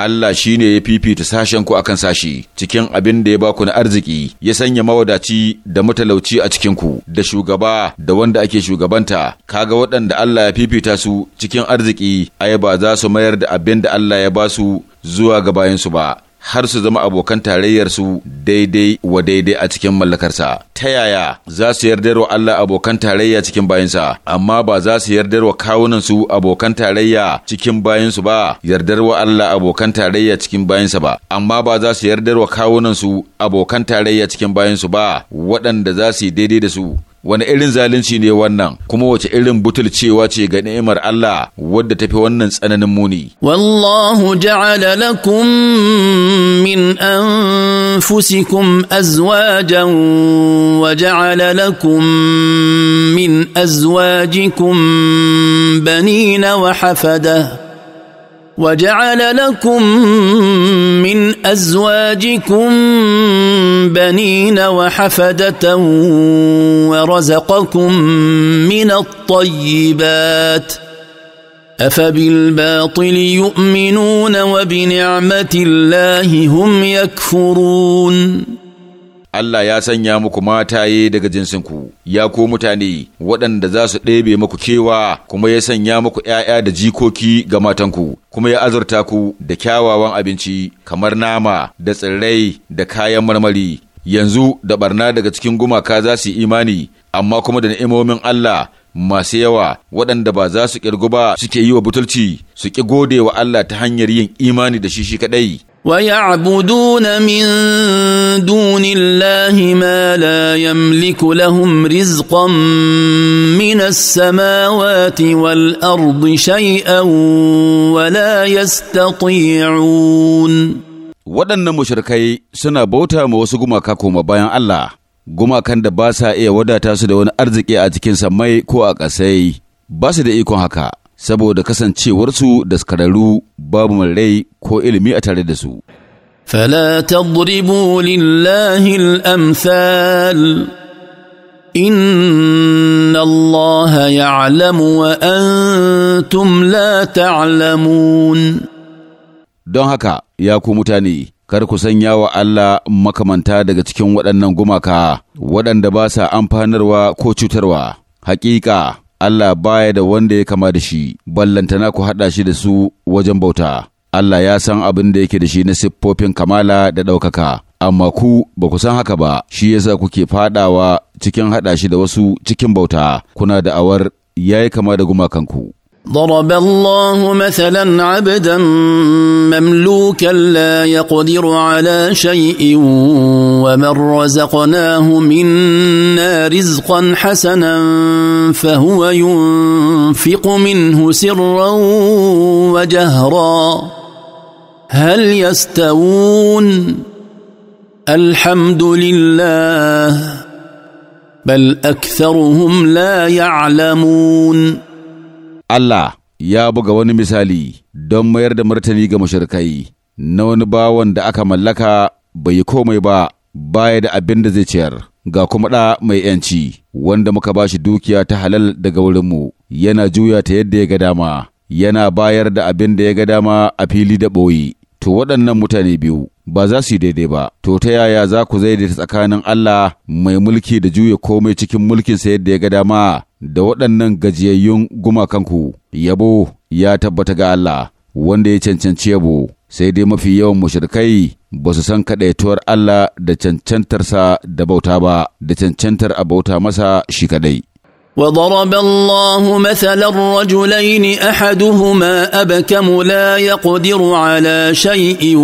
Allah shi ne ya fifita sashen ku akan sashi cikin abin da ya baku na arziki ya sanya mawadaci da matalauci a cikin ku da shugaba da wanda ake shugabanta kaga waɗanda Allah ya fifita su cikin arziki ai ba za su mayar da abin da Allah ya ba su zuwa ga bayansu ba har su zama abokan tarayyar su daidai wa daidai a cikin mallakarsa ta yaya za su yardar wa Allah abokan tarayya cikin bayansa amma ba za su yardar wa su abokan tarayya cikin bayansu ba yardar wa Allah abokan tarayya cikin bayansa ba amma ba za su yardar wa su abokan tarayya cikin bayansu ba waɗanda za su yi daidai da su wani irin zalunci ne wannan kuma wace irin butulcewa ce ga ni'imar Allah wadda ta fi wannan tsananin muni wallahu ja'ala lakum min anfusikum azwajan wa ja'ala lakum min azwajikum banina wa hafada وجعل لكم من ازواجكم بنين وحفده ورزقكم من الطيبات افبالباطل يؤمنون وبنعمه الله هم يكفرون Allah ya sanya muku mataye daga jinsinku, ya ko mutane waɗanda za su ɗebe muku kewa kuma ya sanya muku ‘ya'ya da jikoki ga matanku, kuma ya azurta ku da kyawawan abinci kamar nama da tsirrai da kayan marmari. Yanzu da barna daga cikin gumaka za su yi imani, amma kuma da ni'imomin Allah masu yawa waɗanda ba za su ƙirgu ba suke yi wa butulci su ƙi gode wa Allah ta hanyar yin imani da shi shi kaɗai. ويعبدون من دون الله ما لا يملك لهم رزقا من السماوات والارض شيئا ولا يستطيعون waɗannan mushrikai suna bauta ma wasu gumaka koma bayan Allah gumakan da ba sa iya wadata su da wani arziki a cikin samai ko a ƙasai ba su da ikon haka saboda kasancewarsu da daskararru babu mai rai ko ilimi a tare da su. Fala فلا lillahi لله ya ان wa يعلم tumla ta تعلمون don haka ya ku mutane kar ku sanya wa Allah makamanta daga cikin waɗannan gumaka waɗanda ba sa amfanarwa ko cutarwa Haƙiƙa. Allah baya da wanda ya kama da shi, ballantana ku haɗa shi da su wajen bauta. Allah ya san abin da yake da shi na siffofin kamala da ɗaukaka, amma ku ba ku san haka ba, shi ya yasa kuke faɗawa cikin haɗa shi da wasu cikin bauta, kuna da awar ya yi kama da gumakanku. ضرب الله مثلا عبدا مملوكا لا يقدر على شيء ومن رزقناه منا رزقا حسنا فهو ينفق منه سرا وجهرا هل يستوون الحمد لله بل اكثرهم لا يعلمون Allah ya buga wani misali don mayar da martani ga mashirkai na wani bawan da aka mallaka bai yi komai ba baya da abin da zai ciyar ga kuma ɗa mai ‘yanci wanda muka ba shi dukiya ta halal daga wurinmu yana juya ta yadda ya ga dama yana bayar da abin da ya ga dama a fili da ɓoye to waɗannan mutane biyu ba za su yi daidai ba, to ta yaya za ku zaidaita tsakanin Allah mai mulki da juya komai cikin mulkinsa yadda ya ga dama da waɗannan gajiyayyun gumakanku, yabo ya tabbata ga Allah wanda ya cancanci yabo, sai dai mafi yawan mushrikai ba su san kaɗaituwar Allah da cancantarsa da bauta ba, da cancantar a bauta masa shi kaɗai. وضرب الله مثلا رجلين احدهما ابكم لا يقدر على شيء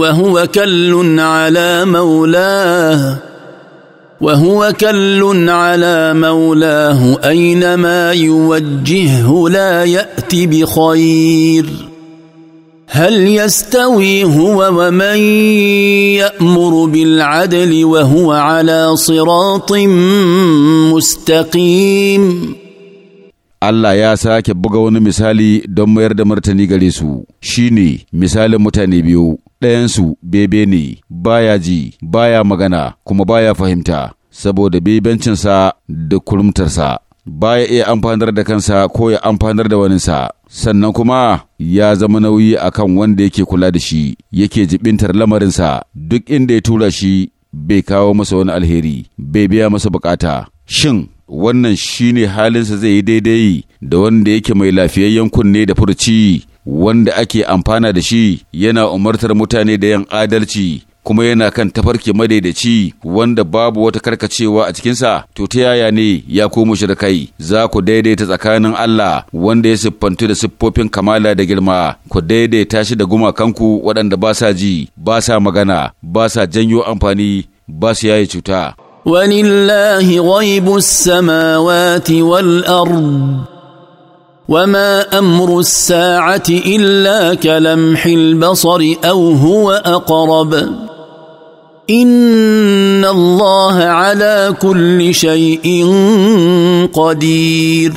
وهو كل على مولاه وهو كل على مولاه اينما يوجهه لا يات بخير هل يستوي هو ومن يامر بالعدل وهو على صراط مستقيم Allah ya sake buga wani misali don mayar da martani gare su, shi ne misalin mutane biyu, ɗayansu bebe ne, baya ji, baya magana, kuma baya fahimta, saboda bebencinsa da kurumtarsa. Ba ya iya amfanar da kansa ko ya amfanar da waninsa sannan kuma ya zama nauyi a kan wanda yake kula da shi yake jibintar lamarinsa duk inda ya tura shi bai kawo masa wani alheri bai biya masa bukata shin wannan shine halinsa zai yi daidai da wanda yake mai lafiyayyen kunne da furci wanda ake amfana da shi yana umartar mutane da yan adalci kuma yana kan tafarki madaidaici wanda babu wata karkacewa a cikinsa to ta yaya ne ya da kai za ku daidaita tsakanin Allah wanda ya siffantu da siffofin kamala da girma ku daidaita shi da gumakanku waɗanda ba sa ji ba sa magana ba sa janyo amfani ba su yaye cuta ولله غيب السماوات والارض وما امر الساعه الا كلمح البصر او هو اقرب ان الله على كل شيء قدير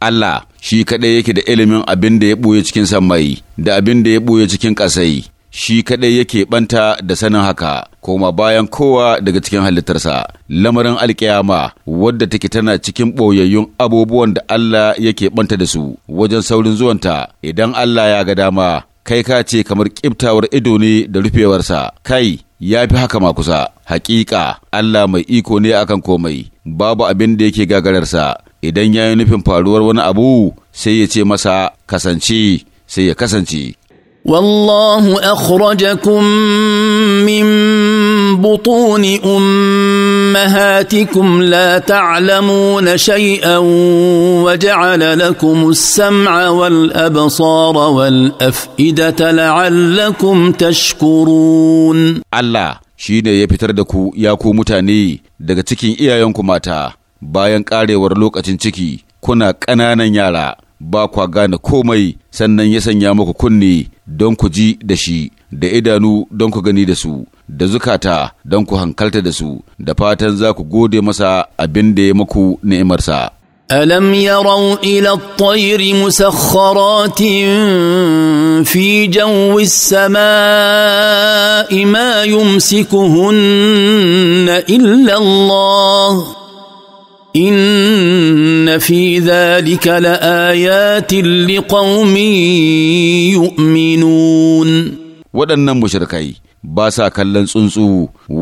Allah shi kaɗai yake da ilimin abin da ya ɓoye cikin sammai da abin da ya ɓoye cikin ƙasai shi kaɗai yake ɓanta da sanin haka koma bayan kowa daga cikin halittarsa lamarin alkiyama wadda take tana cikin ɓoyayyun abubuwan da Allah yake ɓanta da su wajen saurin zuwanta idan Allah ya ga dama kai ka ce kamar ƙiftawar ido ne da rufewarsa kai ya fi haka ma kusa hakika Allah mai iko ne akan komai babu abin da yake gagararsa idan ya yi nufin faruwar wani abu sai ya ce masa kasance sai ya kasance wallahu akhrajakum min من بطون امهاتكم لا تعلمون شيئا وجعل لكم السمع والابصار والافئده لعلكم تشكرون الله shine ya fitar da ku ya ku mutane daga cikin iyayenku mata bayan karewar lokacin ciki kuna ƙananan yara ba kwa gane komai sannan ya sanya muku kunne don ku ji da shi da idanu don ku gani da su, da zukata don ku hankalta da su, da fatan za ku gode masa abin da ya maku ni'imarsa. ألم يروا إلى الطير مسخرات في جو السماء ما يمسكهن إلا الله إن في ذلك لآيات لقوم يؤمنون waɗannan mushrikai ba sa kallon tsuntsu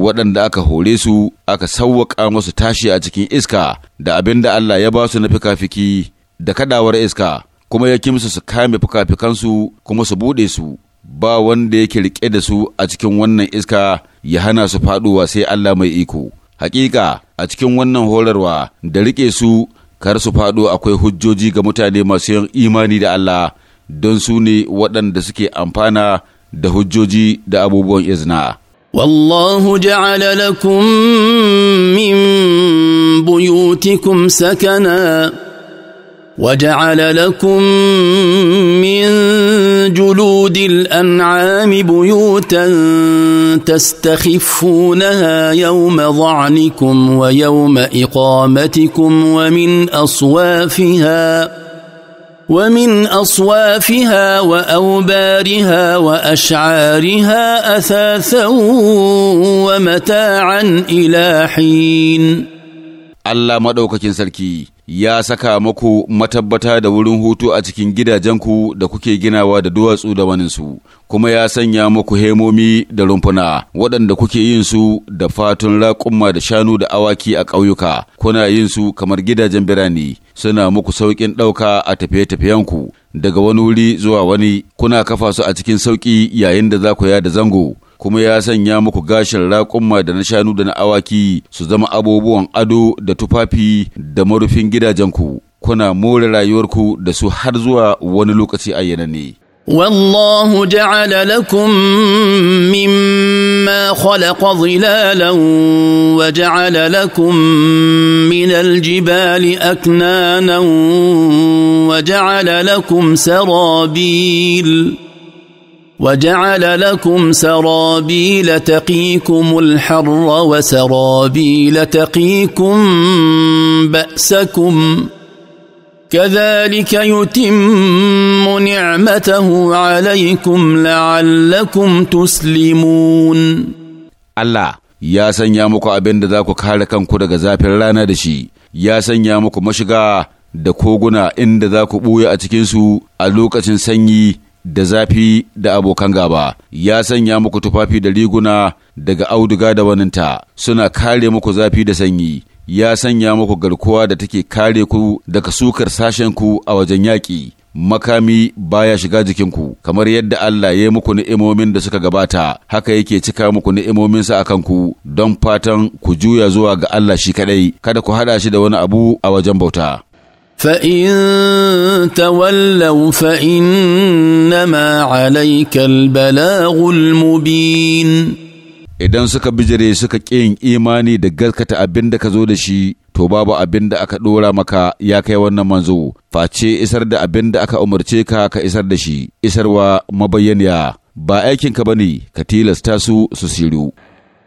waɗanda aka hore su aka sauwaƙa masu tashi a cikin iska da abin da Allah ya ba su na fikafiki da kaɗawar iska kuma ya kimsa su kame fikafikansu kuma su buɗe su ba wanda yake rike da su a cikin wannan iska ya hana su faɗuwa sai Allah mai iko hakika a cikin wannan horarwa da riƙe su kar su faɗo akwai hujjoji ga mutane masu yin imani da Allah don su ne waɗanda suke amfana da hujjoji da abubuwan izna. والله جعل لكم من بيوتكم سكنا وجعل لكم من جلود الانعام بيوتا تستخفونها يوم ظعنكم ويوم اقامتكم ومن اصوافها ومن اصوافها واوبارها واشعارها اثاثا ومتاعا الى حين الله مدوكاكين سلكي ya saka maku matabbata da wurin hutu a cikin gidajenku da kuke ginawa da duwatsu da waninsu, kuma ya sanya maku hemomi da rumfuna waɗanda kuke yin su da fatun raƙumma da shanu da awaki a ƙauyuka, kuna yin su kamar gidajen birane, suna muku sauƙin ɗauka a tafiye-tafiyenku daga wani wuri zuwa wani, kuna kafa su a cikin sauƙi yayin da za ku yada zango. kuma ya sanya muku gashin raƙumma da na shanu da na awaki su zama abubuwan ado da tufafi da marufin gidajenku kuna more rayuwarku da su har zuwa wani lokaci ayyananne. والله جعل لكم مما خلق ظلالا وجعل لكم من الجبال اكنانا وجعل لكم سرابيل وجعل لكم سرابيل تقيكم الحر وسرابيل تقيكم باسكم كذلك يتم نعمته عليكم لعلكم تسلمون الله ya sanya muku abin da za ku kare kanku daga zafin rana da shi ya sanya muku mashiga da koguna inda za ku ɓuya a cikinsu a lokacin sanyi da zafi da abokan gaba ya sanya muku tufafi da riguna daga auduga da waninta suna kare muku zafi da sanyi ya sanya muku garkuwa da take kare ku daga sukar sashen ku a wajen yaƙi makami baya shiga jikin ku kamar yadda Allah ya yi muku ni'imomin da suka gabata haka yake cika muku ni'imominsa a ku don fatan ku juya zuwa ga Allah shi kadai kada ku hada shi da wani abu a wajen bauta فان تولوا فانما عليك البلاغ المبين idan suka bijire suka ƙin imani da gaskata abin da ka zo da shi to babu abin da aka ɗora maka ya kai wannan manzo face isar da abin da aka umarce ka ka isar da shi isarwa mabayyaniya ba aikinka ba ne ka tilasta su su siru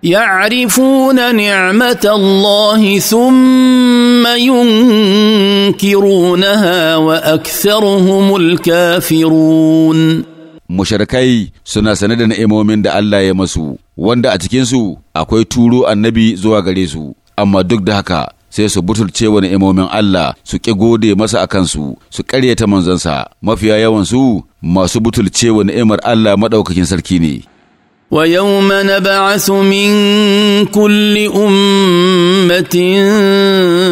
يعرفون نعمه الله ثم ينكرونها واكثرهم الكافرون mushrikai suna sane da na'imomin da Allah ya masu wanda a cikinsu akwai turo annabi zuwa gare su amma duk da haka sai su butulce wa na'imomin Allah su ƙi gode masa a kansu su ƙaryata manzansa mafiya yawan su masu butulce wa ni'imar Allah maɗaukakin sarki ne ويوم نبعث من كل امه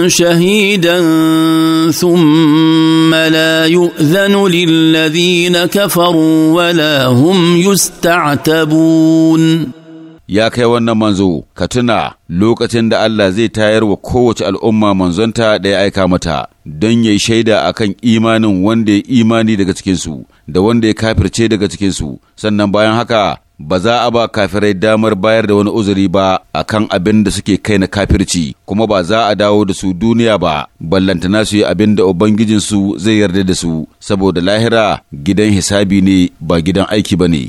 شهيدا ثم لا يؤذن للذين كفروا ولا هم يستعتبون ya kai wannan manzo ka tuna lokacin da Allah zai tayar wa kowace al'umma manzonta da ya aika mata don ya yi shaida a kan imanin wanda ya imani daga cikinsu da wanda ya kafirce daga cikinsu sannan bayan haka ba za a ba kafirai damar bayar da wani uzuri ba a kan abin da suke kai na kafirci kuma ba za a dawo da su duniya ba ballantana su yi abin da ubangijinsu zai yarda da su saboda lahira gidan hisabi ne ba gidan aiki ba ne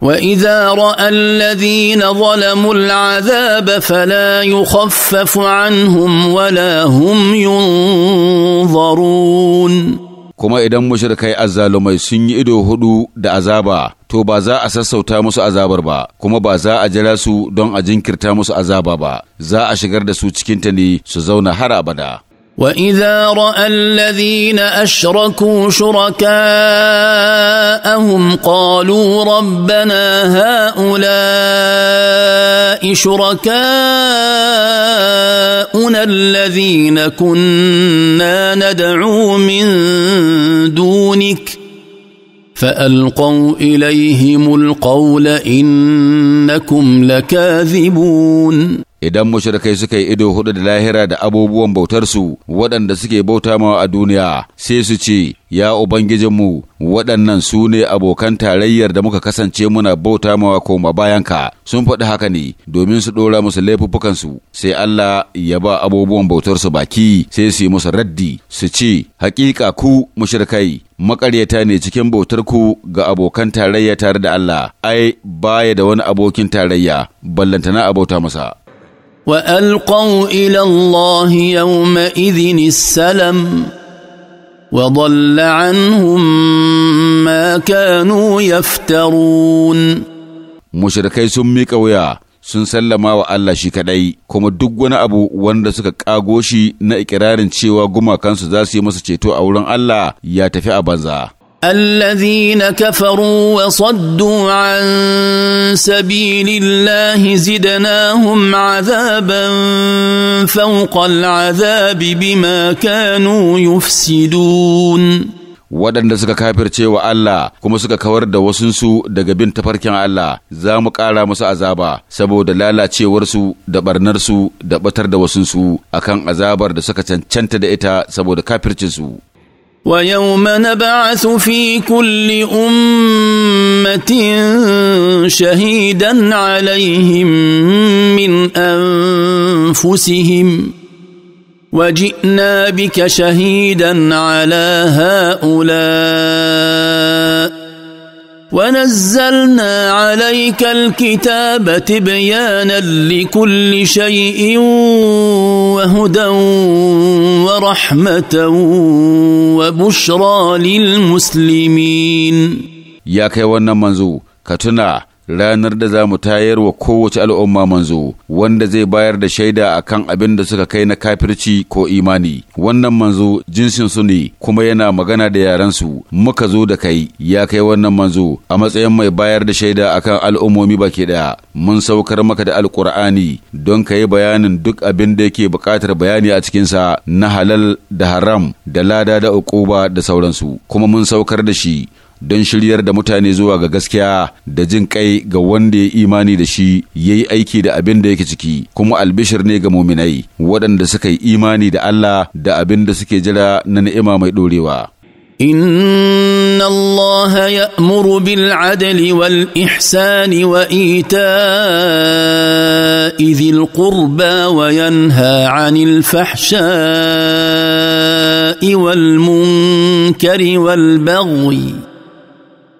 واذا راى الذين ظلموا العذاب فلا يخفف عنهم ولا هم ينظرون kuma idan mushrikai azzalumai sun yi ido hudu da azaba to ba za a sassauta musu azabar ba kuma ba za a jira su don a jinkirta musu azaba ba za a shigar da su cikinta ne su zauna har abada واذا راى الذين اشركوا شركاءهم قالوا ربنا هؤلاء شركاءنا الذين كنا ندعو من دونك فالقوا اليهم القول انكم لكاذبون idan mushrikai suka yi ido hudu da lahira da abubuwan bautarsu waɗanda suke bauta ma a duniya sai su ce ya ubangijinmu waɗannan su ne abokan tarayyar da muka kasance muna bauta ma koma bayan ka,' sun faɗi haka ne domin su ɗora musu laifuffukansu sai Allah ya ba abubuwan bautarsu baki sai su yi musu raddi su ce hakika ku mushrikai makaryata ne cikin bautar ku ga abokan tarayya tare da Allah ai baya da wani abokin tarayya ballantana bauta masa والقوا الى الله يومئذ السلم وضل عنهم ما كانوا يفترون مشركي سميك ويا sun sallama wa Allah shi kaɗai, kuma duk wani abu wanda suka ƙago shi na ikirarin cewa gumakansu za su yi masa ceto a wurin Allah ya tafi a banza. الذين كفروا وصدوا عن سبيل الله زدناهم عذابا فوق العذاب بما كانوا يفسدون waɗanda suka kafirce wa Allah kuma suka kawar da wasunsu daga bin tafarkin Allah za mu ƙara musu azaba saboda lalacewarsu da ɓarnarsu da ɓatar da wasunsu akan azabar da suka cancanta da ita saboda kafircinsu ويوم نبعث في كل امه شهيدا عليهم من انفسهم وجئنا بك شهيدا على هؤلاء ونزلنا عليك الكتاب تبيانا لكل شيء وهدى ورحمه وبشرى للمسلمين يا كيوانا منزو كتنا ranar da za mu tayar wa kowace al'umma manzo wanda zai bayar da shaida a kan abin da suka kai na kafirci ko imani wannan manzo jinsin su ne kuma yana magana da yarensu muka zo da kai ya kai wannan manzo a matsayin mai bayar da shaida a kan al'ummomi baki ɗaya mun saukar maka da alƙur'ani don ka yi bayanin duk abin da yake buƙatar bayani a cikinsa na halal da haram da lada da uquba da sauransu kuma mun saukar da shi don shiryar da mutane zuwa ga gaskiya da jin kai ga wanda ya imani da shi ya yi aiki da abin da yake ciki kuma albishir ne ga muminai waɗanda suka yi imani da Allah da abin da suke jira na ni'ima mai ɗorewa. ان الله يامر بالعدل wa وايتاء ذي القربى وينهى عن الفحشاء والمنكر والبغي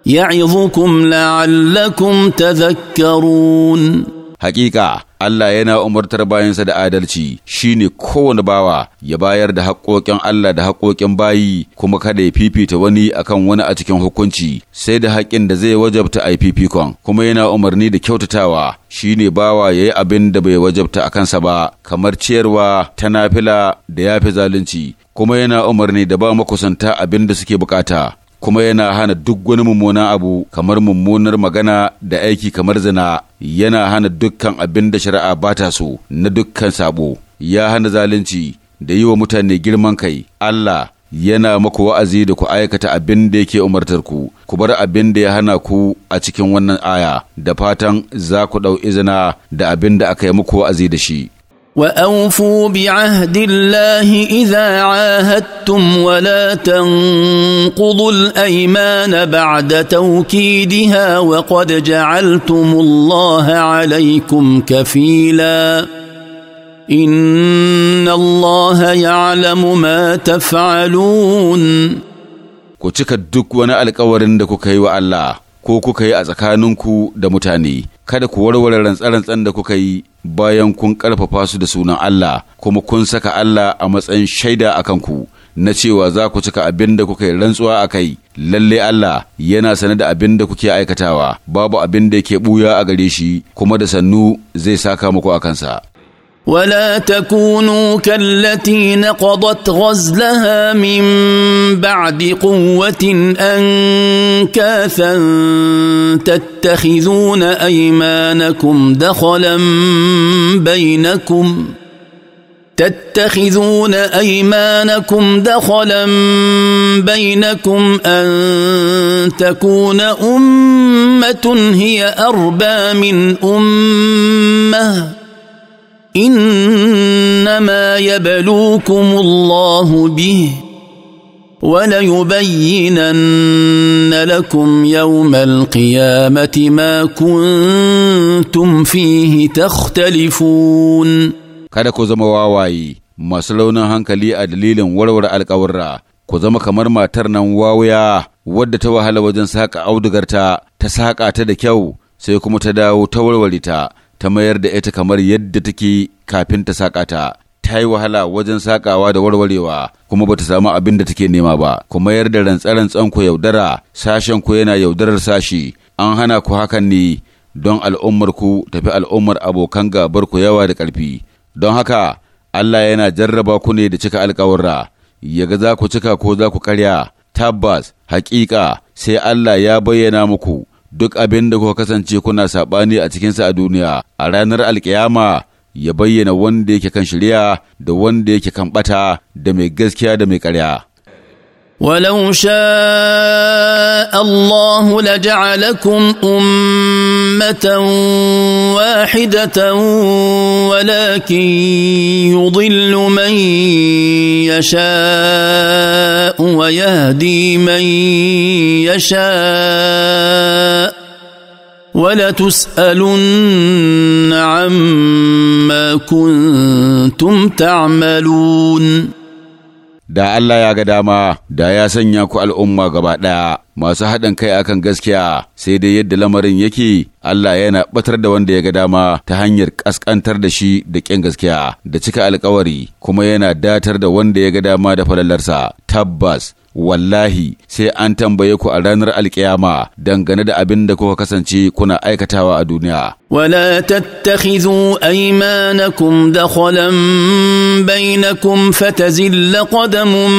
يعظكم لعلكم تذكرون Haƙiƙa Allah yana umartar bayansa da adalci Shi ne kowane bawa ya bayar da haƙoƙin Allah da haƙoƙin bayi kuma kada ya fifita wani akan wani a cikin hukunci sai da haƙin da zai wajabta a fifikon kuma yana umarni da kyautatawa shi ne bawa ya yi abin da bai wajabta a kansa ba kamar ciyarwa ta nafila da yafi zalunci kuma yana umarni da ba makusanta abin da suke bukata kuma yana hana duk wani mummunan abu kamar mummunar magana da aiki kamar zina yana hana dukkan abin da shari'a ba ta so na dukkan sabo ya hana zalunci da yi wa mutane girman kai Allah yana maku wa'azi da ku aikata abin da yake umartar ku ku bar abin da ya hana ku a cikin wannan aya da fatan za ku ɗau izina da abin da aka yi muku wa'azi da shi واوفوا بعهد الله اذا عاهدتم ولا تنقضوا الايمان بعد توكيدها وقد جعلتم الله عليكم كفيلا ان الله يعلم ما تفعلون ku cika duk wani alkawarin da kuka yi wa Allah ko kuka yi a tsakaninku da mutane kada ku warware rantsarantsar da kuka yi bayan kun ƙarfafa su da sunan Allah kuma kun saka Allah a matsayin shaida a kanku na cewa za ku cika abin da kuka yi rantsuwa a kai lalle Allah yana sane da abin da kuke aikatawa babu abin da yake buya a gare shi kuma da sannu zai saka muku a kansa ولا تكونوا كالتي نقضت غزلها من بعد قوه انكاثا تتخذون ايمانكم دخلا بينكم تتخذون ايمانكم دخلا بينكم ان تكون امه هي اربى من امه انما يبلوكم الله به وليبينن لكم يوم القيامه ما كنتم فيه تختلفون kada ku zama wawaye masu launin hankali a dalilin warware alkawarra ku zama kamar matar nan wawuya wadda ta wahala wajen saƙa audugarta ta saƙa ta da kyau sai kuma ta dawo ta warware ta ta mayar da ita kamar yadda take kafin ta saƙa ta ta yi wahala wajen sakawa da warwarewa kuma bata samu abin da take nema ba ku mayar da rantsaran ku yaudara sashen ku yana yaudarar sashi an hana ku hakan ne don al'ummar ku tafi al'ummar abokan gabar ku yawa da ƙarfi don haka Allah yana jarraba ku ne da cika alƙawarra yaga ga za ku cika ko za ku karya tabbas Haƙiƙa. sai Allah ya bayyana muku duk abin da kuka kasance kuna saɓani a cikinsa a duniya a ranar alkiyama ya bayyana wanda yake kan shirya da wanda yake kan ɓata da mai gaskiya da mai karya ولو شاء الله لجعلكم امه واحده ولكن يضل من يشاء ويهدي من يشاء ولتسالن عما كنتم تعملون da Allah ya ga dama da ya sanya ku al'umma gaba ɗaya masu haɗin kai akan gaskiya sai dai yadda lamarin yake Allah yana batar da wanda ya ga dama ta hanyar ƙasƙantar da shi da ƙin gaskiya da cika alkawari kuma yana datar da wanda ya ga dama da falalarsa tabbas wallahi sai an tambaye ku a ranar alkiyama dangane da abin da kuka kasance kuna aikatawa a duniya. Wala tattakhizu aymanakum dakhalan bainakum fatazilla qadamun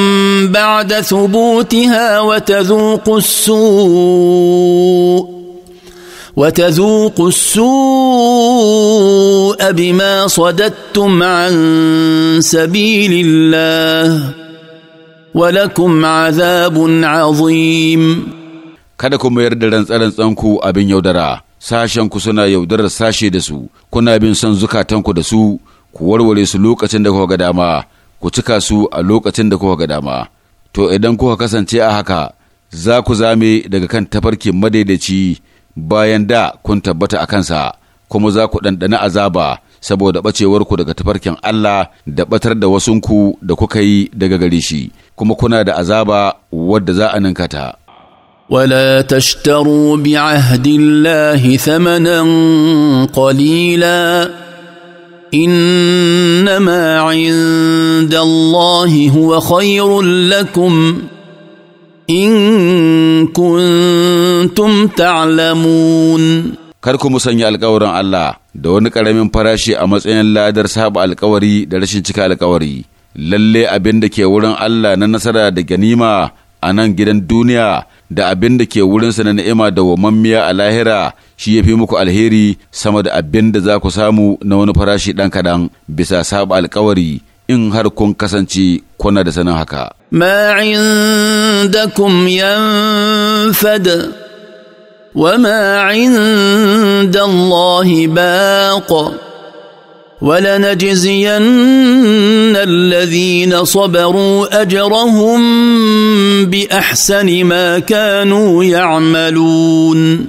ba'da thubutiha wa tazuqu السوء وتذوقوا السوء بما صددتم عن سبيل الله ولكم عذاب عظيم kada ku mayar da tsanku abin yaudara sashenku suna yaudarar sashe da su kuna bin son zukatanku da su ku warware su lokacin da kuka ga dama ku cika su a lokacin da kuka ga dama to idan kuka kasance a haka za ku zame daga kan tafarkin madaidaci bayan da kun tabbata a kansa, kuma za ku ɗanɗana azaba saboda ɓacewarku daga tafarkin Allah da ɓatar da wasunku da kuka yi daga gare shi, kuma kuna da azaba wadda za a ninkata ta. ولا تشتروا بعهد الله ثمنا قليلا انما عند الله هو خير لكم in kuntum ta'lamun kar ku musanya alkawarin Allah da wani karamin farashi a matsayin ladar saba alkawari da rashin cika alkawari lalle abin da ke wurin Allah na nasara da ganima a nan gidan duniya da abin da ke wurinsa na ni'ima da wamammiya a lahira shi ya fi muku alheri sama da abin da za ku samu na wani farashi ɗan kaɗan bisa saba alkawari in har kun kasance kuna da sanin haka. ما عندكم ينفد وما عند الله باق ولنجزين الذين صبروا اجرهم باحسن ما كانوا يعملون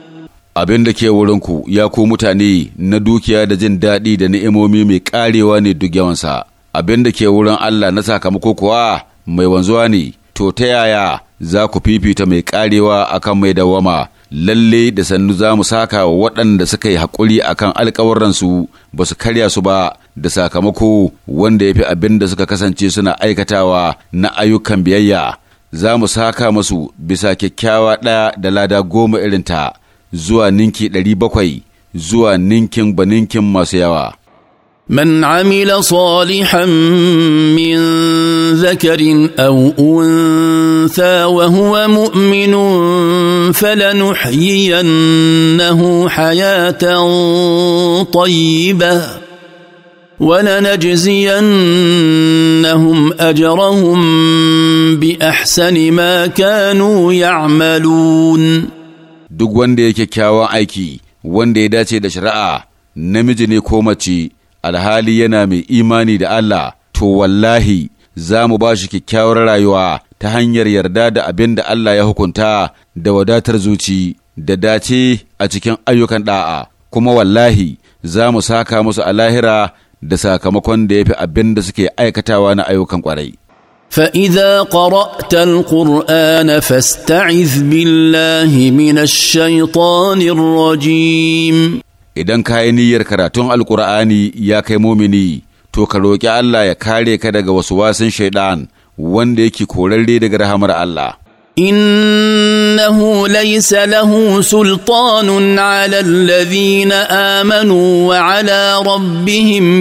abin da ke wurinku ya ku mutane na dukiya da jin daɗi da ni'imomi mai ƙarewa ne duk yawansa abin da ke wurin Allah na sakamako kuwa mai wanzuwa ne to ta yaya za ku fifita mai karewa akan mai dawama lalle da sannu za mu saka wa waɗanda suka yi haƙuri akan alƙawarransu ba su karya su ba da sakamako wanda ya fi abin da suka kasance suna aikatawa na ayyukan biyayya za mu saka masu bisa kyakkyawa ɗaya da lada goma irinta zuwa ninki ɗari bakwai zuwa ninkin ba ninkin masu yawa. من عمل صالحا من ذكر او انثى وهو مؤمن فلنحيينه حياه طيبه ولنجزينهم اجرهم باحسن ما كانوا يعملون duk wanda ya kyakkyawan aiki wanda ya dace da shari'a alhali yana mai imani da Allah, to wallahi za mu ba shi kyakkyawar rayuwa ta hanyar yarda da abin da Allah ya hukunta da wadatar zuci da dace a cikin ayyukan ɗa'a, kuma wallahi za mu saka musu a lahira da sakamakon da ya fi abin da suke aikatawa na ayyukan ƙwarai. فاذا قرات القران فاستعذ بالله من الشيطان الرجيم idan ka yi niyyar karatun alkur'ani ya kai mumini to ka roƙi Allah ya kare ka daga wasu wasan shaidan wanda yake korarre daga rahamar Allah إنه ليس له سلطان على amanu, آمنوا وعلى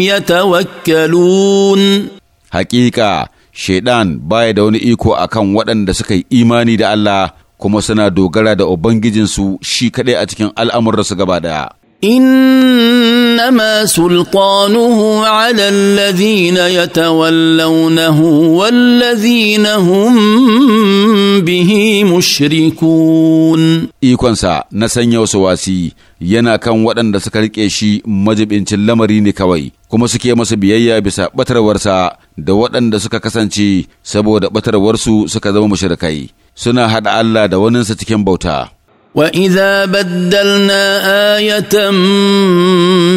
ya يتوكلون حقيقة Shaidan باي da wani iko akan waɗanda suka yi imani da Allah kuma suna dogara da Ubangijinsu shi kaɗai a cikin al'amuransu gaba ɗaya. انما سلطانه على الذين يتولونه والذين هم به mushrikun ikonsa na sanya wasu wasi yana kan waɗanda suka riƙe shi majibincin lamari ne kawai kuma suke masa biyayya bisa ɓatarwarsa da waɗanda suka kasance saboda ɓatarwarsu suka zama mushirikai, suna haɗa Allah da waninsa cikin bauta واذا بدلنا ايه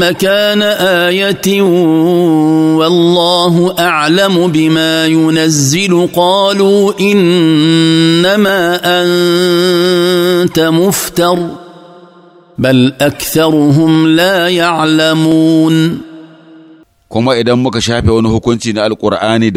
مكان ايه والله اعلم بما ينزل قالوا انما انت مفتر بل اكثرهم لا يعلمون كما اذا muka shafe wani hukunci na alkur'ani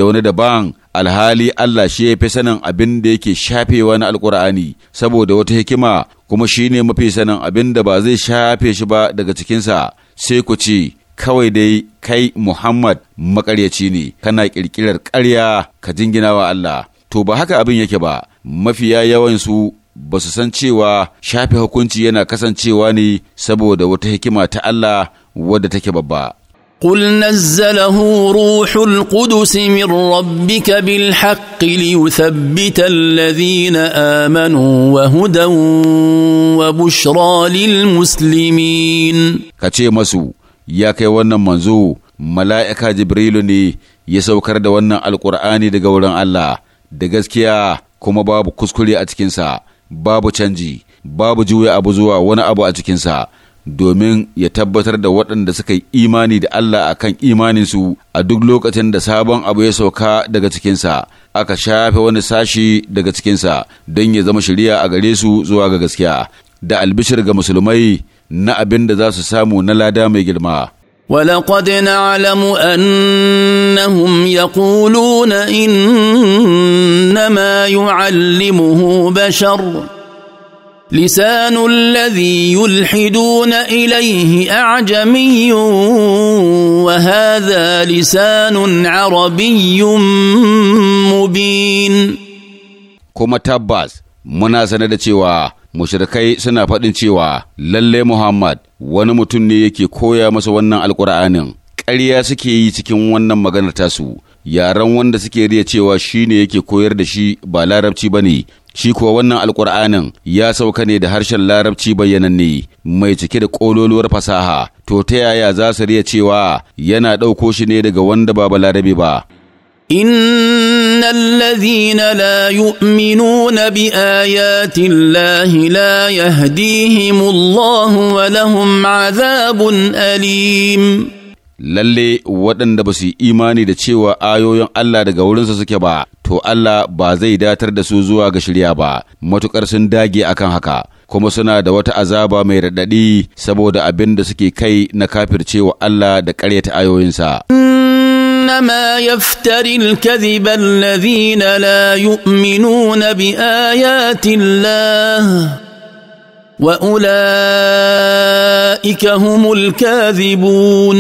alhali Allah shi ya fi sanin abin da yake shafewa na alkur'ani saboda wata hikima kuma shi ne mafi sanin abin da ba zai shafe shi ba daga cikinsa sai ku ce kawai dai kai Muhammad makaryaci ne kana ƙirƙirar ƙarya ka jingina wa Allah to ba haka abin yake ba mafiya yawan su ba su san cewa shafe hukunci yana kasancewa ne saboda wata hikima ta Allah wadda take babba قل نزله روح القدس من ربك بالحق ليثبت الذين wa وهدى وبشرى Ka ce masu ya kai wannan manzo mala'ika jibrilu ne ya saukar da wannan alkur'ani daga wurin Allah da gaskiya kuma babu kuskure a cikinsa babu canji babu juya abu zuwa wani abu a cikinsa domin ya tabbatar da waɗanda suka yi imani da Allah a kan imaninsu a duk lokacin da sabon abu ya sauka daga cikinsa, aka shafe wani sashi daga cikinsa don ya zama shirya a gare su zuwa ga gaskiya, da albishir ga musulmai na abin da za su samu na lada mai girma. ولقد نعلم انهم يقولون انما يعلمه بشر لسان الذي يلحدون اليه اعجمي وهذا لسان عربي مبين kuma tabbas muna sane da cewa mushrikai suna faɗin cewa lalle Muhammad wani mutum ne yake koya masa wannan alkur'anin ƙarya suke yi cikin wannan maganar tasu yaran wanda suke riya cewa shi ne yake koyar da shi ba larabci ba ne shi kuwa wannan alkur'anin ya sauka ne da harshen larabci bayyananne mai cike da ƙololuwar fasaha to ta yaya za su riya cewa yana ɗauko shi ne daga wanda ba balarabe ba ان الذين لا يؤمنون بايات الله لا يهديهم الله ولهم عذاب alim!" lalle waɗanda ba su yi imani da cewa ayoyin Allah daga wurinsa suke ba, to Allah ba zai datar da su zuwa ga shirya ba, matuƙar sun dage akan haka, kuma suna da wata azaba mai raɗaɗi saboda abin da suke kai na kafircewa Allah da ƙaryata ayoyinsa. إنما يفتر الكذب الذين لا يؤمنون بآيات الله وأولئك هم الكاذبون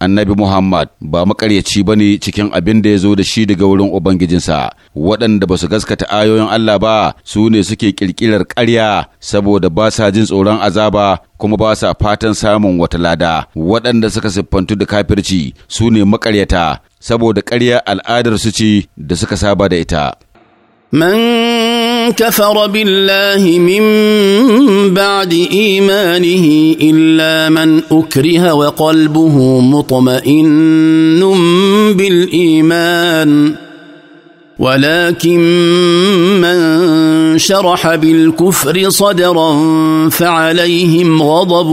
annabi Muhammad ba makaryaci ba ne cikin abin da ya zo da shi daga wurin Ubangijinsa, waɗanda ba su gaskata ayoyin Allah ba su ne suke ƙirƙirar ƙarya saboda ba sa jin tsoron azaba kuma ba sa fatan samun wata lada, waɗanda suka siffantu da kafirci su ne makaryata saboda ƙarya al'adar su ce da suka saba da ita. من كفر بالله من بعد ايمانه الا من اكره وقلبه مطمئن بالايمان ولكن من شرح بالكفر صدرا فعليهم غضب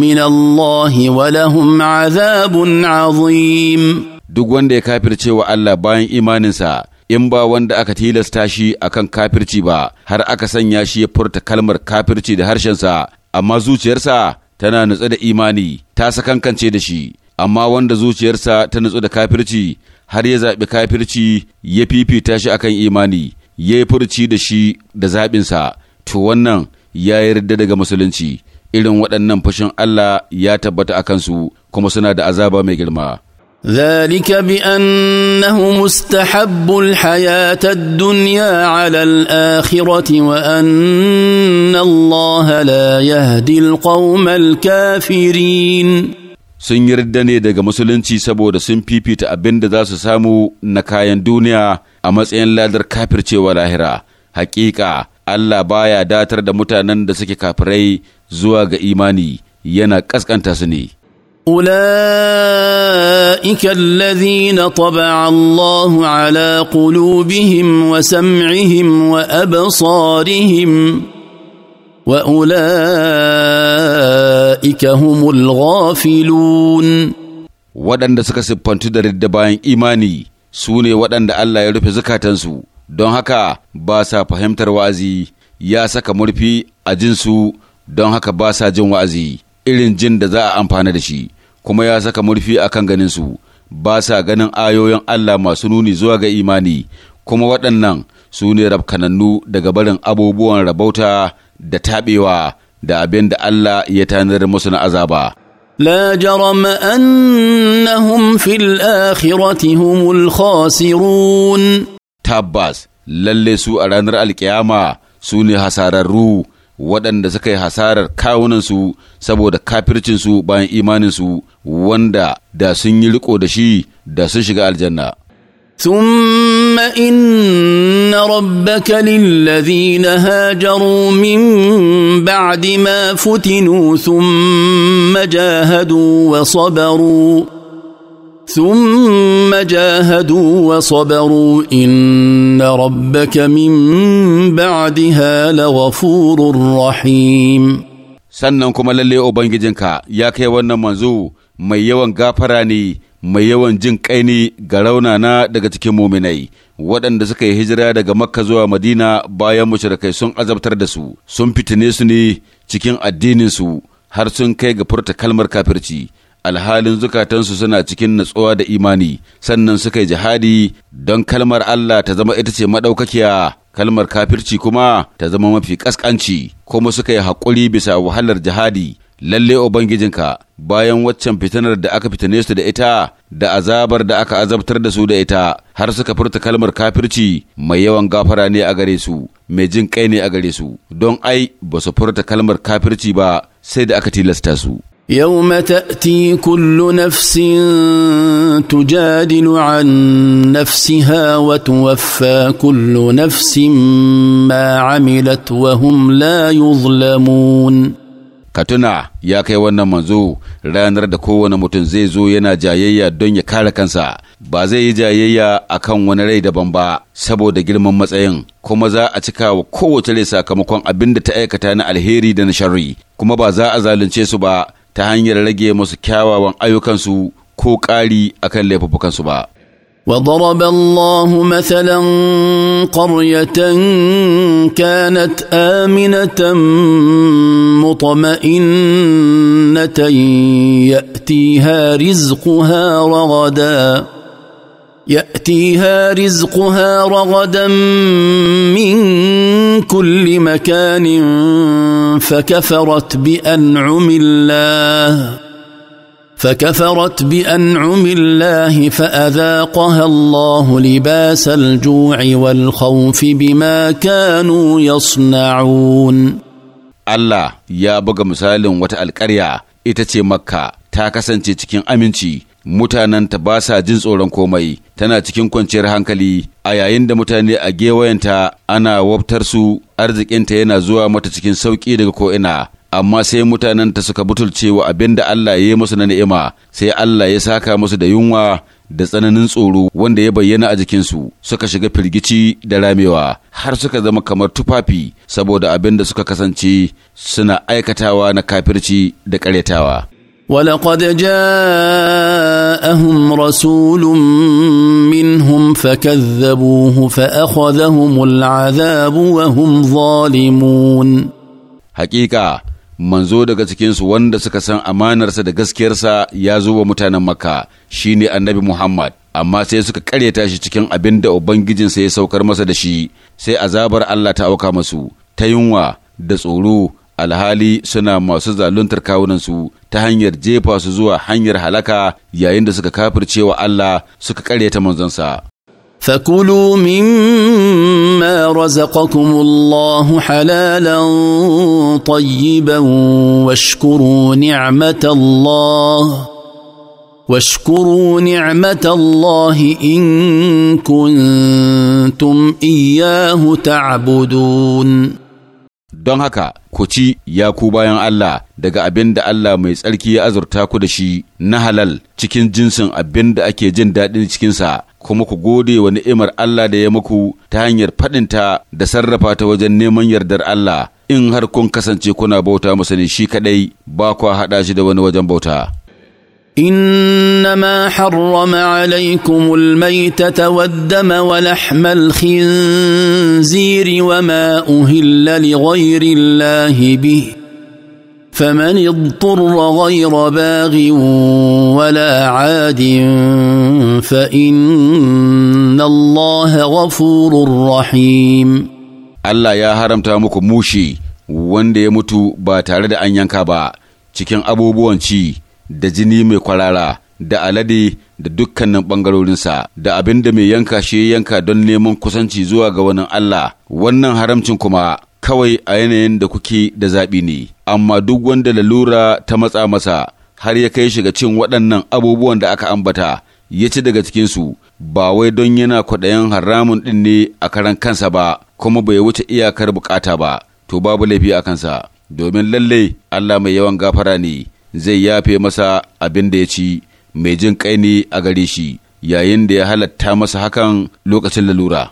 من الله ولهم عذاب عظيم duk wanda ya kafirce wa Allah in ba wanda aka tilasta shi akan kafirci ba har aka sanya shi ya furta kalmar kafirci da harshensa amma zuciyarsa tana nutsu da imani ta sakankance da shi amma wanda zuciyarsa ta nutsu da kafirci har ya zaɓi kafirci ya fifita shi akan imani ya yi furci da shi da zaɓinsa to wannan ya yarda daga musulunci irin waɗannan fashin Allah ya tabbata a kansu kuma suna da azaba mai girma. ذلك بانه مستحب الحياه الدنيا على الاخره وان الله لا يهدي القوم الكافرين sun yarda ne daga musulunci saboda sun fifita abin da za su samu na kayan duniya a matsayin ladar kafircewa lahira hakika Allah baya datar da mutanen da suke kafirai zuwa ga imani yana ƙasƙanta su ne اولئك الذين طبع الله على قلوبهم وسمعهم وابصارهم واولئك هم الغافلون waɗanda suka siffantu da ridda bayan imani su ne waɗanda Allah ya rufe zukatansu don haka ba sa fahimtar wa'azi ya saka murfi a jinsu don haka ba sa jin wa'azi irin jin da za a amfana da shi kuma ya saka murfi a kan ganinsu ba sa ganin ayoyin Allah masu nuni zuwa ga imani kuma waɗannan su ne rabkanannu daga barin abubuwan rabauta da taɓewa da abin da Allah ya tanar musu na azaba. لا جرم أنهم في الآخرة Tabbas الخاسرون su a ranar رانر su سوني hasararru. waɗanda suka yi hasarar kawunansu saboda kafircinsu bayan imaninsu wanda da sun yi riko da shi da sun shiga aljanna. ثم إن ربك للذين هاجروا من بعد ما فتنوا ثم جاهدوا وصبروا ثم جاهدوا وصبروا ان ربك من بعدها لغفور رحيم sannan kuma lalle ubangijinka ya kai wannan manzo mai yawan gafara ne mai yawan jin kai ne ga raunana daga cikin muminai waɗanda suka yi hijira daga makka zuwa madina bayan mushrikai sun azabtar da su sun fitine su ne cikin addininsu har sun kai ga furta kalmar kafirci alhalin zukatansu suna cikin natsuwa da imani sannan suka yi jihadi don kalmar Allah ta zama ita ce maɗaukakiya kalmar kafirci kuma ta zama mafi ƙasƙanci kuma suka yi haƙuri bisa wahalar jihadi lalle ubangijinka bayan waccan fitinar da aka fitine su da ita da azabar da aka azabtar da su da ita har suka furta kalmar kafirci mai yawan gafara ne a gare su mai jin kai ne a gare su don ai ba su furta kalmar kafirci ba sai da aka tilasta su يوم تاتي كل نفس تجادل عن نفسها وتوفى كل نفس ما عملت وهم لا يظلمون katuna ya kai wannan manzo ranar da kowane mutum zai zo yana jayayya don ya kare kansa ba zai yi jayayya a kan wani rai daban ba saboda girman matsayin kuma za a cika wa kowace rai sakamakon abin da ta aikata na alheri da na sharri kuma ba za a zalunce su ba ta hanyar rage musu kyawawan ayyukansu ko ƙari akan laifukansu ba. وضرب الله مثلا قرية كانت آمنة مطمئنة يأتيها رزقها رغداً ياتيها رزقها رغدا من كل مكان فكفرت بانعم الله فكفرت بانعم الله فاذاقها الله لباس الجوع والخوف بما كانوا يصنعون الله يا بقى مسالم وتألقريا إتتي مكة ce makka ta kasance cikin aminci mutanenta ba sa jin tsoron komai tana cikin kwanciyar hankali a yayin da mutane a gewayenta ana wabtar su arzikinta yana zuwa mata cikin sauki daga ko'ina amma sai mutanen ta suka butulce wa abin da Allah ya yi musu na ni'ima sai Allah ya saka musu da yunwa da tsananin tsoro wanda ya bayyana a jikinsu suka shiga firgici da ramewa har suka zama kamar tufafi saboda abin da suka kasance suna aikatawa na kafirci da karyatawa. ولقد جاءهم رسول منهم فكذبوه فأخذهم العذاب وهم ظالمون Haƙiƙa, manzo daga cikinsu wanda suka san amanarsa da gaskiyarsa ya zo wa mutanen makka shine annabi muhammad amma sai suka karyata shi cikin abinda ubangijinsa ya saukar masa da shi sai azabar allah ta auka masu ta yunwa da tsoro alhali suna masu zaluntar kawunansu ta hanyar jefa su zuwa hanyar halaka yayin da suka kafirce wa Allah suka kare karyata manzansa. فكلوا مما رزقكم الله حلالا طيبا واشكروا نعمه الله واشكروا نعمه الله ان كنتم اياه تعبدون Don haka, ku ci ya ku bayan Allah daga abin da Allah mai tsarki ya azurta ku da shi na halal cikin jinsin abin da ake jin daɗin cikinsa, kuma ku gode wa ni'imar Allah da ya muku ta hanyar faɗinta da sarrafa ta wajen neman yardar Allah in har kun kasance kuna bauta masa ne shi kaɗai ba kwa haɗa shi da wani wajen bauta. انما حرم عليكم الميته والدم ولحم الخنزير وما اهل لغير الله به فمن اضطر غير باغ ولا عاد فان الله غفور رحيم الله يا هرمتا muku mushi wanda ya mutu ba tare da an yanka ba cikin abubuwan ci da jini mai kwarara da alade da dukkanin ɓangarorinsa da abin da mai yanka shi yanka don neman kusanci zuwa ga wani Allah wannan haramcin kuma kawai a yanayin da kuke da zaɓi ne amma duk wanda lalura ta matsa masa har ya kai shiga cin waɗannan abubuwan da aka ambata ya ci daga cikinsu ba wai don yana kwaɗayin haramun ɗin ne a karan kansa ba kuma bai wuce iyakar bukata ba to babu laifi a kansa domin lallai Allah mai yawan gafara ne zai yafe masa abin da ya ci mai jin kai ne a gare shi yayin da ya halatta masa hakan lokacin lalura.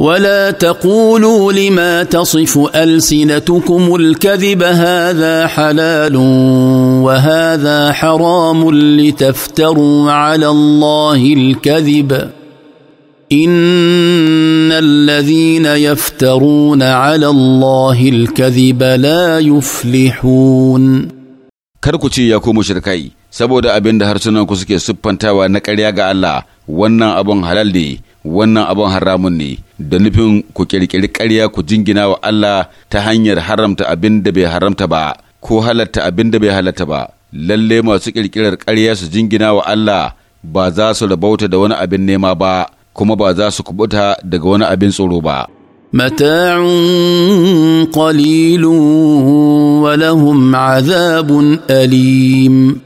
ولا تقولوا لما تصف ألسنتكم الكذب هذا حلال وهذا حرام لتفتروا على الله الكذب إن الذين يفترون على الله الكذب لا يفلحون kar ku ce ya ku shirkai saboda abin da harsunan ku suke siffantawa na ƙarya ga Allah wannan abun halal ne wannan abun haramun ne da nufin ku kirkiri ƙarya ku jingina wa Allah ta hanyar haramta abin da bai haramta ba ko halatta abin da bai halatta ba lalle masu ƙirƙirar ƙarya su jingina wa Allah ba za su rabauta da wani abin nema ba kuma ba za su kubuta daga wani abin tsoro ba متاع قليل ولهم عذاب أليم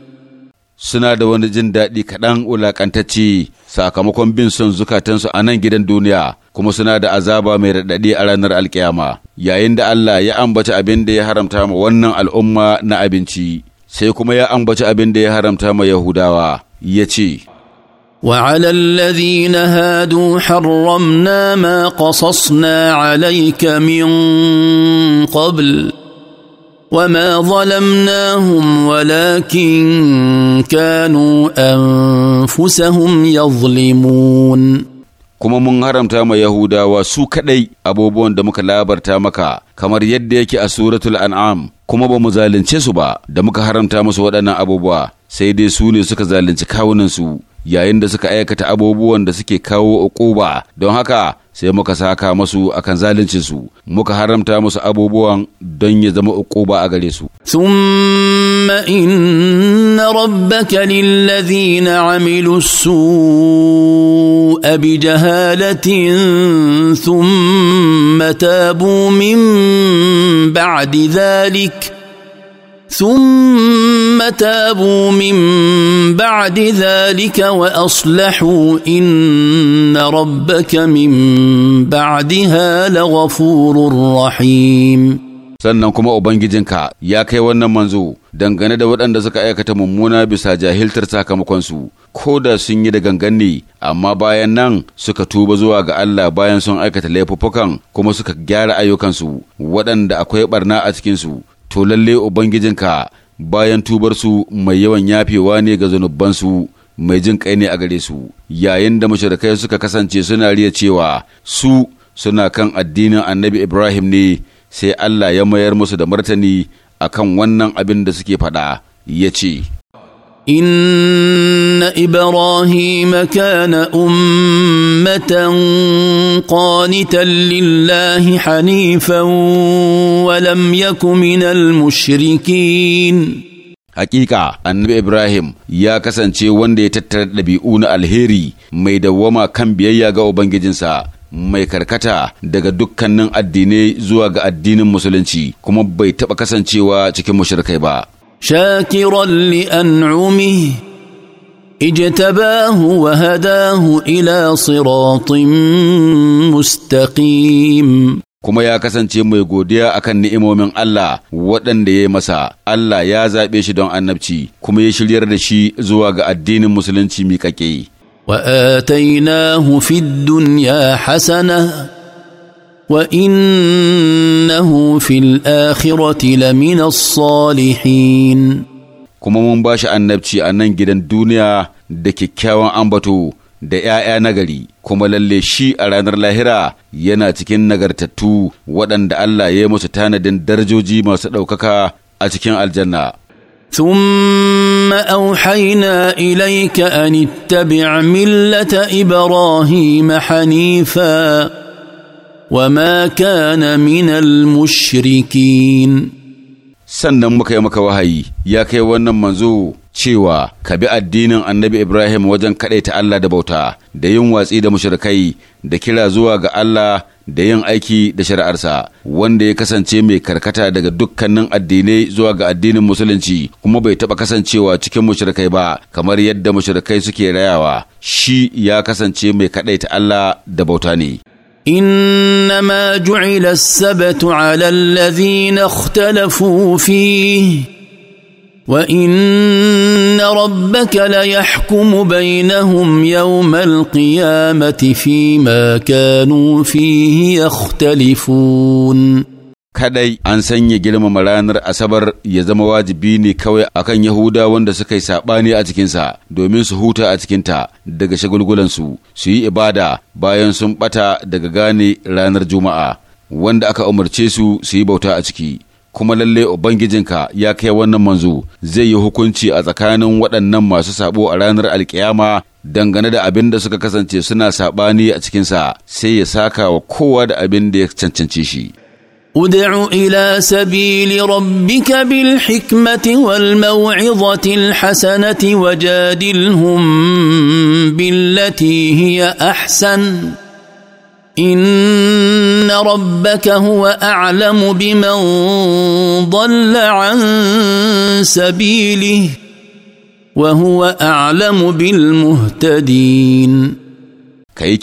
suna da wani jin daɗi kaɗan wulaƙantacce sakamakon bin son zukatansu a nan gidan duniya kuma suna da azaba mai raɗaɗi a ranar alkiyama yayin da Allah ya ambaci abin da ya haramta ma wannan al'umma na abinci sai kuma ya ambaci abin da ya haramta ma Yahudawa ya ce وعلى الذين هادوا حرمنا ما قصصنا عليك من قبل وما ظلمناهم ولكن كانوا انفسهم يظلمون kuma mun haramta ma Yahudawa su kaɗai abubuwan da muka labarta maka kamar yadda yake a suratul an'am kuma ba mu zalunce su ba da muka haramta musu waɗannan abubuwa sai dai su ne suka zalunci kawunansu yayin da suka aikata abubuwan da suke kawo uquba don haka sai muka saka masu akan zaluncinsu muka haramta musu abubuwan don ya zama uquba a gare su ثم إن ربك للذين عملوا السوء jahalatin ثم تابوا من بعد ذلك ثم تابوا من بعد ذلك واصلحوا ان ربك من بعدها لغفور رحيم sannan kuma ubangijinka ya kai wannan manzo dangane da waɗanda suka aikata mummuna bisa jahiltar sakamakonsu ko da sun yi da gangan ne amma bayan nan suka tuba zuwa ga Allah bayan sun aikata laifuffukan kuma suka gyara ayyukansu waɗanda akwai barna a cikinsu to lalle Ubangijinka bayan tubarsu mai yawan yafewa ne ga zunubansu mai jin kai ne a gare su, yayin da mashirkai suka kasance suna riya cewa su suna kan addinin annabi Ibrahim ne sai Allah ya mayar musu da martani a kan wannan abin da suke faɗa ya ce, ان ابراهيم كان امه قانتا لله حنيفا ولم يك من المشركين Hakika annabi Ibrahim ya kasance wanda ya tattara ɗabi'u na alheri mai dawwama kan biyayya ga Ubangijinsa mai karkata daga dukkanin addinai zuwa ga addinin musulunci kuma bai taɓa kasancewa cikin mushrikai ba. شاكرا لانعمه اجتباه وهداه الى صراط مستقيم kuma ya kasance mai godiya akan ni'imomin Allah waɗanda ya yi masa Allah ya zaɓe shi don annabci kuma ya shiryar da shi zuwa ga addinin musulunci miƙaƙe. wa atainahu fid dunya hasana وانه في الاخره لمن الصالحين kuma mun ba shi annabci a nan gidan duniya da kyakkyawan ambato da ‘ya'ya nagari, kuma lalle shi a ranar lahira yana cikin nagartattu waɗanda Allah ya yi musu tanadin darajoji masu ɗaukaka a cikin aljanna. ثم أوحينا إليك أن millata ملة hanifa وما كان من المشركين sannan muka yi maka wahayi ya kai wannan manzo cewa ka bi addinin annabi Ibrahim wajen kaɗaita Allah da bauta da yin watsi da mushrikai da kira zuwa ga Allah da yin aiki da shari'arsa wanda ya kasance mai karkata daga dukkanin addinai zuwa ga addinin musulunci kuma bai taɓa kasancewa cikin mushrikai ba kamar yadda mushrikai suke rayawa shi ya kasance mai kaɗaita Allah da bauta ne انما جعل السبت على الذين اختلفوا فيه وان ربك ليحكم بينهم يوم القيامه فيما كانوا فيه يختلفون kadai an sanya girmama ranar asabar ya zama wajibi ne kawai akan yahuda wanda suka yi saɓani a cikinsa domin su huta a cikinta daga shagulgulansu su yi ibada bayan sun ɓata daga gane ranar juma'a wanda aka umarce su su yi bauta a ciki kuma lalle ubangijinka ya kai wannan manzo zai yi hukunci a tsakanin waɗannan masu sabo a ranar alkiyama dangane da abin da suka kasance suna saɓani a cikinsa sai ya saka wa kowa da abin da ya cancanci shi ادع الى سبيل ربك بالحكمه والموعظه الحسنه وجادلهم بالتي هي احسن ان ربك هو اعلم بمن ضل عن سبيله وهو اعلم بالمهتدين كي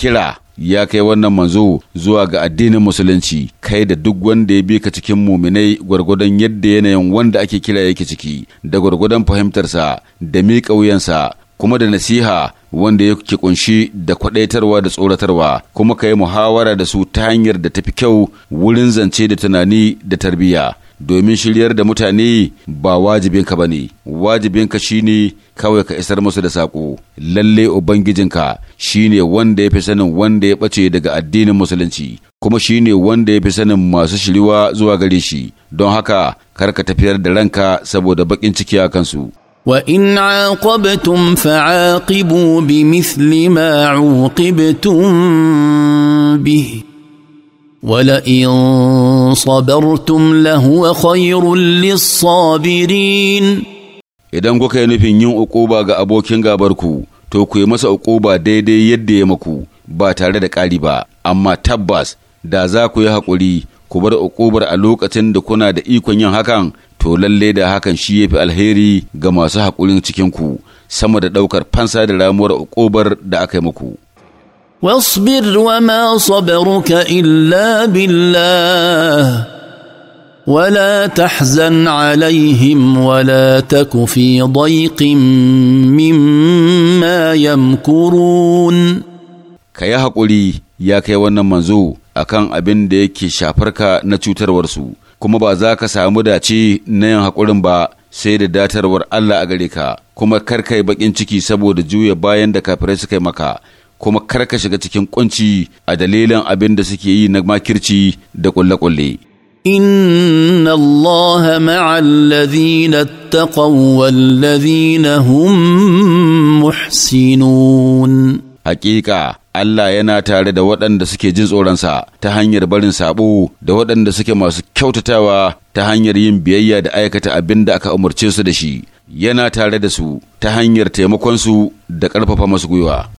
ya kai wannan manzo zuwa ga addinin musulunci kai da duk wanda ya bi ka cikin muminai gwargwadon yadda yanayin wanda ake kira yake ciki da gwargwadon fahimtarsa da miƙa wuyansa kuma da nasiha wanda ya ke kunshi da kwadaitarwa da tsoratarwa kuma ka yi muhawara da su ta hanyar da tafi kyau wurin zance da tunani da tarbiyya domin shiryar da mutane ba wajibinka ba ne, wajibinka shi ne kawai ka isar musu da saƙo, lalle Ubangijinka shi ne wanda ya fi sanin wanda ya ɓace daga addinin Musulunci, kuma shi ne wanda ya fi sanin masu shiriwa zuwa gare shi, don haka karka tafiyar da ranka saboda baƙin ciki a kansu. وان عاقبتم فعاقبوا بمثل ما عوقبتم به ولئن صبرتم لهو خير للصابرين idan kuka yi nufin yin uquba ga abokin gabarku to ku yi masa uquba daidai yadda ya maku ba tare da ƙari ba amma tabbas da za ku yi haƙuri ku bar uqubar a lokacin da kuna da ikon yin hakan to lalle da hakan shi yafi alheri ga masu haƙurin cikinku sama da ɗaukar fansa da ramuwar uqubar da aka yi muku واصبر وما صبرك الا بالله ولا تحزن عليهم ولا تك في ضيق مما يمكرون كيا حقولي يا كي wannan manzo akan abin da yake shafarka na cutarwarsu kuma ba za ka samu dace na yin haƙurin ba sai da datarwar Allah a gare ka kuma kar kai baƙin ciki saboda juya bayan da kafirai suka yi maka kuma kar ka shiga cikin kunci a dalilin abin da suke yi na makirci da ƙulle-ƙulle. إن الله مع الذين اتقوا والذين هم محسنون Haƙiƙa Allah yana tare da waɗanda suke jin tsoronsa ta hanyar barin saɓo da waɗanda suke masu kyautatawa ta hanyar yin biyayya da aikata abin da aka umarce su da shi, yana tare da su ta hanyar taimakonsu da ƙarfafa masu gwiwa.